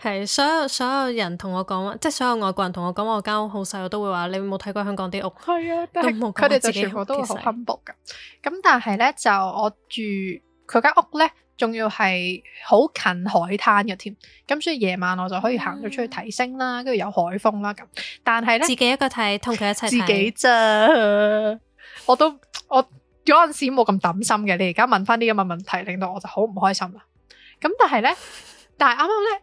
係所有，所有人同我講，即係所有外國人同我講我間屋好細，我都會話你冇睇過香港啲屋係啊，都冇，佢哋就全部都好簡朴噶。咁但係咧就我住。佢間屋咧，仲要係好近海灘嘅添，咁所以夜晚我就可以行咗出去睇星啦，跟住、嗯、有海風啦咁。但係咧，自己一個睇，同佢一齊睇，自己咋？我都我嗰陣時冇咁揼心嘅，你而家問翻啲咁嘅問題，令到我就好唔開心啦。咁但係咧，但係啱啱咧，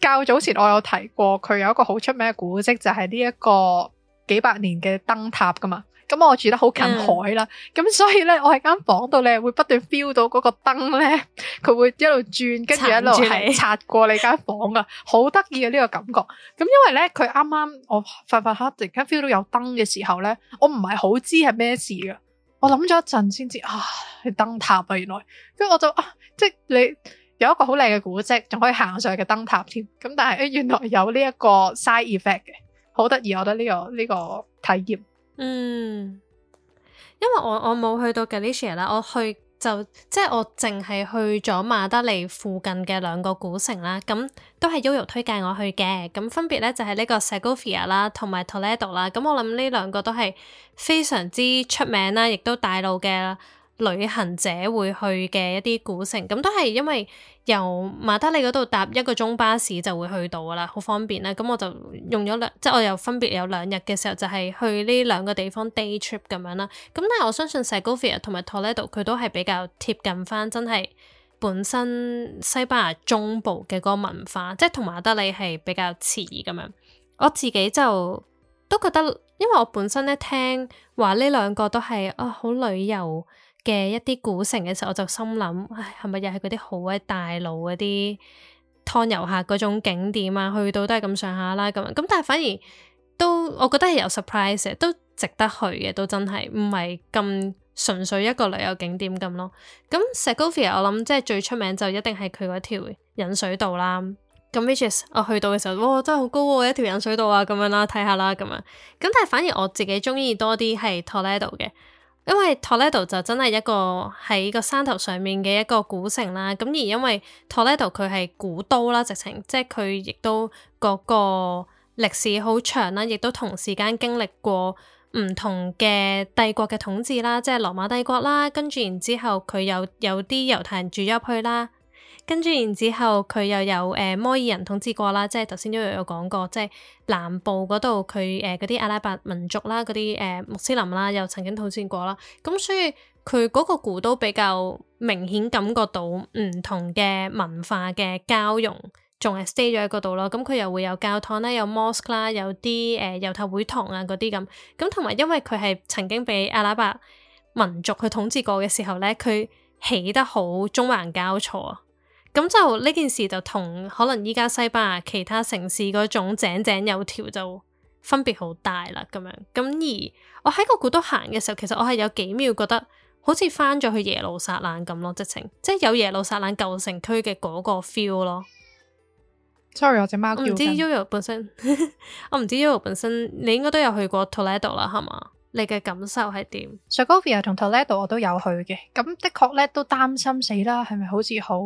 較早前我有提過，佢有一個好出名嘅古跡，就係呢一個幾百年嘅燈塔㗎嘛。咁我住得好近海啦，咁 Yeah. 所以咧，我喺間房度咧，會不斷 feel 到嗰個燈咧，佢會一路轉，跟住一路係擦過你間房噶，好得意嘅呢個感覺。咁因為咧，佢啱啱我瞓瞓下，突然間 feel 到有燈嘅時候咧，我唔係好知係咩事嘅。我諗咗一陣先知，啊，係燈塔啊，原來、啊。跟住我就啊，即係你有一個好靚嘅古跡，仲可以行上去嘅燈塔添、啊。咁但係誒、哎，原來有呢一個 side effect 嘅，好得意，我覺得呢、呢個呢、呢個呢個體驗。嗯，因為我我冇去到 Galicia 啦，我去就即係、就是、我淨係去咗馬德里附近嘅兩個古城啦，咁都係 Yoyo 推介我去嘅，咁分別呢就係呢個 Segovia 啦，同埋 Toledo 啦，咁我諗呢兩個都係非常之出名啦，亦都大路嘅。旅行者會去嘅一啲古城，咁都係因為由馬德里嗰度搭一個鐘巴士就會去到噶啦，好方便啦。咁我就用咗兩，即係我又分別有兩日嘅時候，就係去呢兩個地方 day trip 咁樣啦。咁但係我相信塞戈維亞同埋托雷多，佢都係比較貼近翻真係本身西班牙中部嘅嗰個文化，即係同馬德里係比較似咁樣。我自己就都覺得，因為我本身咧聽話呢兩個都係啊好旅遊嘅一啲古城嘅時候，我就心諗，唉，係咪又係嗰啲好鬼大路嗰啲劏遊客嗰種景點啊？去到都係咁上下啦，咁咁，但係反而都我覺得係有 surprise，都值得去嘅，都真係唔係咁純粹一個旅遊景點咁咯。咁 Segovia 我諗即係最出名就一定係佢嗰條引水道啦。咁 whiches 我去到嘅時候，哇，真係好高喎，啊，一條引水道啊，咁樣看看啦，睇下啦，咁啊，咁但係反而我自己中意多啲係 Toledo 嘅。因為托雷 o 就真係一個喺個山頭上面嘅一個古城啦，咁而因為托雷 o 佢係古都啦，直情即係佢亦都嗰個歷史好長啦，亦都同時間經歷過唔同嘅帝國嘅統治啦，即係羅馬帝國啦，跟住然之後佢有有啲猶太人住咗入去啦。跟住然之後，佢又有誒、呃、摩爾人統治過啦，即係頭先都有講過，即係南部嗰度佢誒嗰啲阿拉伯民族啦，嗰啲誒穆斯林啦，又曾經統治過啦。咁、嗯、所以佢嗰個古都比較明顯感覺到唔同嘅文化嘅交融，仲係 stay 咗喺嗰度咯。咁、嗯、佢又會有教堂啦，有 mosque 啦，有啲誒猶太會堂啊嗰啲咁。咁同埋因為佢係曾經俾阿拉伯民族去統治過嘅時候呢，佢起得好縱橫交錯啊。咁就呢件事就同可能依家西班牙其他城市嗰種井井有條就分別好大啦咁樣。咁而我喺個古都行嘅時候，其實我係有幾秒覺得好似翻咗去耶路撒冷咁咯，直情即係有耶路撒冷舊城區嘅嗰個 feel 咯。Sorry，我隻貓唔知 Yoyo 跟本身， 我唔知 Yoyo 本身，你應該都有去過 Toledo 啦，係嘛？你嘅感受係點？Segovia 同 Toledo 我都有去嘅，咁的確咧都擔心死啦，係咪好似好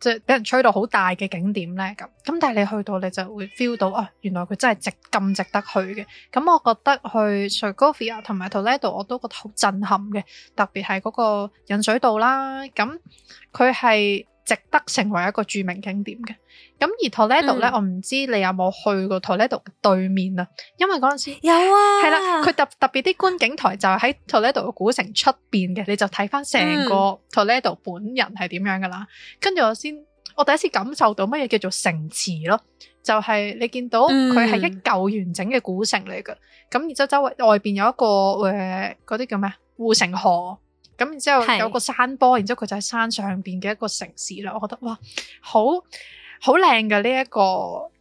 即係俾人吹到好大嘅景點咧咁？咁但係你去到你就會 feel 到，啊，原來佢真係值咁值得去嘅。咁我覺得去 Segovia 同埋 Toledo 我都覺得好震撼嘅，特別係嗰個引水道啦，咁佢係，值得成為一個著名景點嘅。咁而 Toledo 咧、嗯，我唔知你有冇去過 Toledo 嘅對面啊？因為嗰陣時有啊，係啦，佢特特別啲觀景台就喺 Toledo 嘅古城出邊嘅，你就睇翻成個 Toledo 本人係點樣噶啦。跟住、嗯、我先，我第一次感受到乜嘢叫做城池咯，就係、是、你見到佢係一舊完整嘅古城嚟嘅。咁然之後，周圍外邊有一個誒嗰啲叫咩護城河。咁然之後有個山坡，然之後佢就喺山上邊嘅一個城市啦。我覺得哇，好好靚嘅呢一個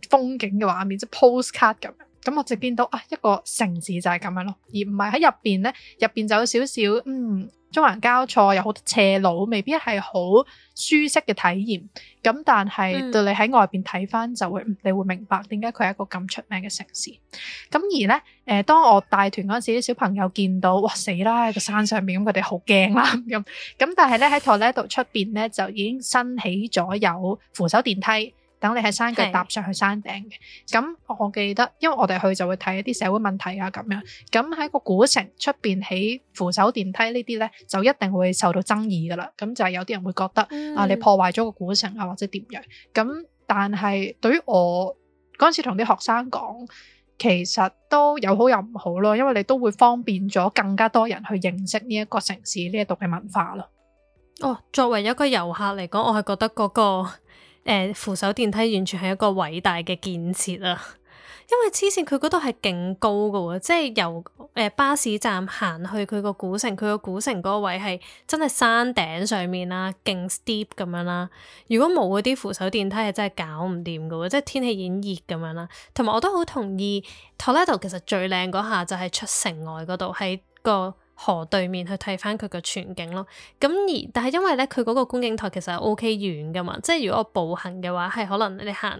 風景嘅畫面，即係 postcard 咁樣。咁我就見到啊一個城市就係咁樣咯，而唔係喺入邊咧，入邊就有少少嗯，中環交錯，有好多斜路，未必係好舒適嘅體驗。咁但係對你喺外邊睇翻就會，你會明白點解佢係一個咁出名嘅城市。咁而咧，誒，當我帶團嗰陣時，啲小朋友見到，哇死啦！喺個山上面，咁佢哋好驚啦咁。咁但係咧喺 Toledo 出邊咧，就已經新起咗有扶手電梯。等你喺山腳搭上去山頂嘅，咁是我記得，因為我哋去就會睇一啲社會問題啊咁樣，咁喺個古城出邊起扶手電梯呢啲咧，就一定會受到爭議噶啦。咁就係有啲人會覺得、嗯、啊，你破壞咗個古城啊或者點樣？咁但係對於我嗰次同啲學生講，其實都有好有唔好咯，因為你都會方便咗更加多人去認識呢一個城市呢一度嘅文化咯。哦，作為一個遊客嚟講，我係覺得嗰個。誒、呃、扶手電梯完全係一個偉大嘅建設啊！ 因為黐線佢嗰度係勁高嘅喎、啊，即係由、呃、巴士站行去佢個古城，佢個古城嗰位係真係山頂上面啦、啊，勁 steep 咁樣啦、啊。如果冇嗰啲扶手電梯，係真係搞唔掂嘅喎。即係天氣已經熱咁樣啦、啊，同埋我都好同意，t o 托雷多其實最靚嗰下就係出城外嗰度，喺、嗰個。河對面去睇翻佢個全景咯。咁而但係因為呢，佢嗰個觀景台其實係 OK 遠噶嘛，即係如果我步行嘅話，係可能你行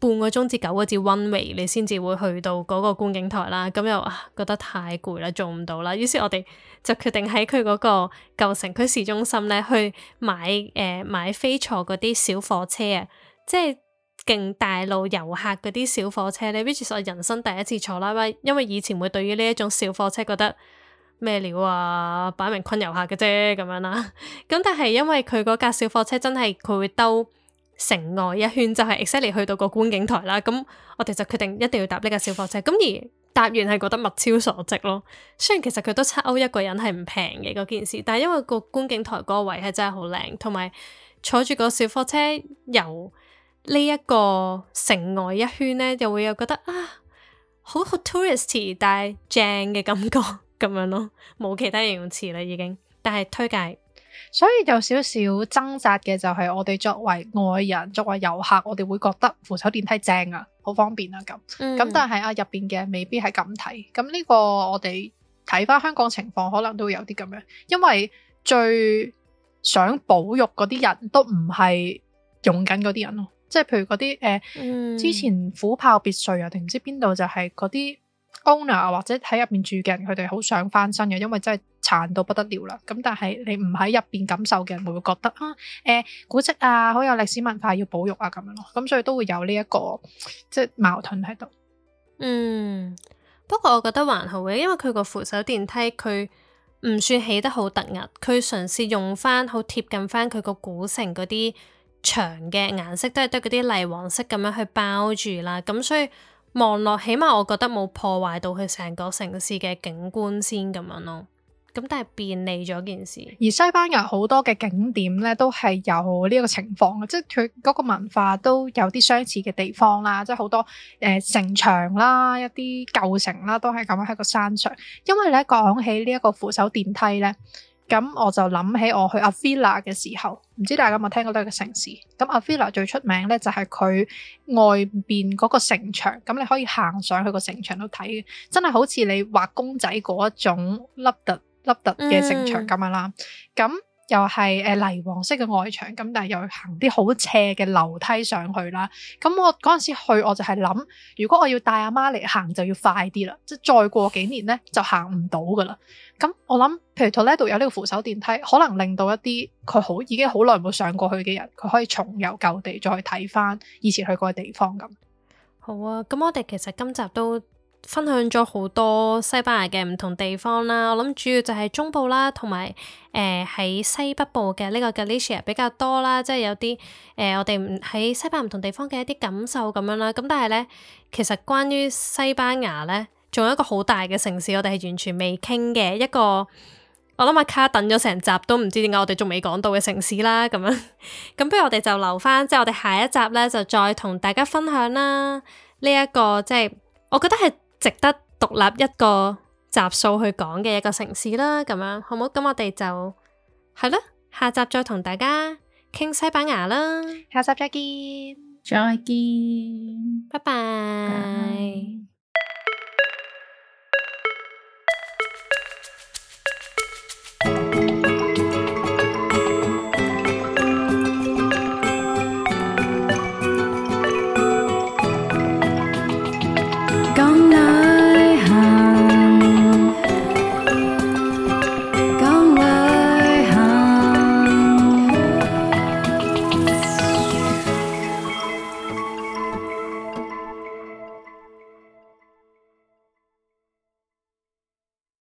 半個鐘至九個字 one way，你先至會去到嗰個觀景台啦。咁又啊，覺得太攰啦，做唔到啦。於是，我哋就決定喺佢嗰個舊城區市中心呢去買誒、呃、買飛坐嗰啲小火車啊，即係勁大路遊客嗰啲小火車呢，which 我人生第一次坐啦，因為以前會對於呢一種小火車覺得。咩料啊？擺明昆遊客嘅啫，咁樣啦。咁 但係因為佢嗰架小火車真係佢會兜城外一圈，就係 exactly 去到個觀景台啦。咁我哋就決定一定要搭呢架小火車。咁而搭完係覺得物超所值咯。雖然其實佢都七歐一個人係唔平嘅嗰件事，但係因為個觀景台嗰個位係真係好靚，同埋坐住個小火車由呢一個城外一圈呢，又會有覺得啊好好 touristy 但係正嘅感覺。咁樣咯，冇其他形容詞啦，已經。但係推介，所以有少少掙扎嘅就係我哋作為外人、作為遊客，我哋會覺得扶手電梯正啊，好方便啊，咁咁。嗯、但係啊，入邊嘅未必係咁睇。咁呢個我哋睇翻香港情況，可能都會有啲咁樣，因為最想保育嗰啲人都唔係用緊嗰啲人咯，即係譬如嗰啲誒，呃嗯、之前虎豹別墅啊，定唔知邊度就係嗰啲。owner 或者喺入邊住嘅人，佢哋好想翻身嘅，因為真係殘到不得了啦。咁但係你唔喺入邊感受嘅人，會會覺得、嗯欸、啊，誒古蹟啊，好有歷史文化要保育啊，咁樣咯。咁所以都會有呢、這、一個即係、就是、矛盾喺度。嗯，不過我覺得還好嘅，因為佢個扶手電梯佢唔算起得好突兀，佢嘗試用翻好貼近翻佢個古城嗰啲牆嘅顏色，都係得嗰啲泥黃色咁樣去包住啦。咁所以。望落，起碼我覺得冇破壞到佢成個城市嘅景觀先咁樣咯。咁但係便利咗件事。而西班牙好多嘅景點呢，都係有呢一個情況嘅，即係佢嗰個文化都有啲相似嘅地方啦。即係好多誒、呃、城牆啦，一啲舊城啦，都係咁樣喺個山上。因為呢，講起呢一個扶手電梯呢。咁我就諗起我去阿菲拉嘅時候，唔知大家有冇聽過呢個城市？咁阿菲拉最出名咧，就係佢外邊嗰個城牆，咁你可以行上去個城牆度睇嘅，真係好似你畫公仔嗰一種凹凸凹凸嘅城牆咁樣啦。咁又係誒，泥黃色嘅外牆，咁但係又行啲好斜嘅樓梯上去啦。咁我嗰陣時去，我就係諗，如果我要帶阿媽嚟行，就要快啲啦。即再過幾年呢就行唔到噶啦。咁我諗，譬如 Toledo 有呢個扶手電梯，可能令到一啲佢好已經好耐冇上過去嘅人，佢可以重遊舊地，再去睇翻以前去過嘅地方咁。好啊，咁我哋其實今集都。分享咗好多西班牙嘅唔同地方啦，我諗主要就係中部啦，同埋誒喺西北部嘅呢個 Galicia 比較多啦，即係有啲誒、呃、我哋唔喺西班牙唔同地方嘅一啲感受咁樣啦。咁但係呢，其實關於西班牙呢，仲有一個好大嘅城市我哋係完全未傾嘅一個，我諗阿 Car 等咗成集都唔知點解我哋仲未講到嘅城市啦。咁樣咁不如我哋就留返，即係我哋下一集呢，就再同大家分享啦。呢、這、一個即係我覺得係值得獨立一個集數去講嘅一個城市啦，咁樣好唔好？咁我哋就係咯，下集再同大家傾西班牙啦，下集再見，再見，拜拜 Bye。Bye.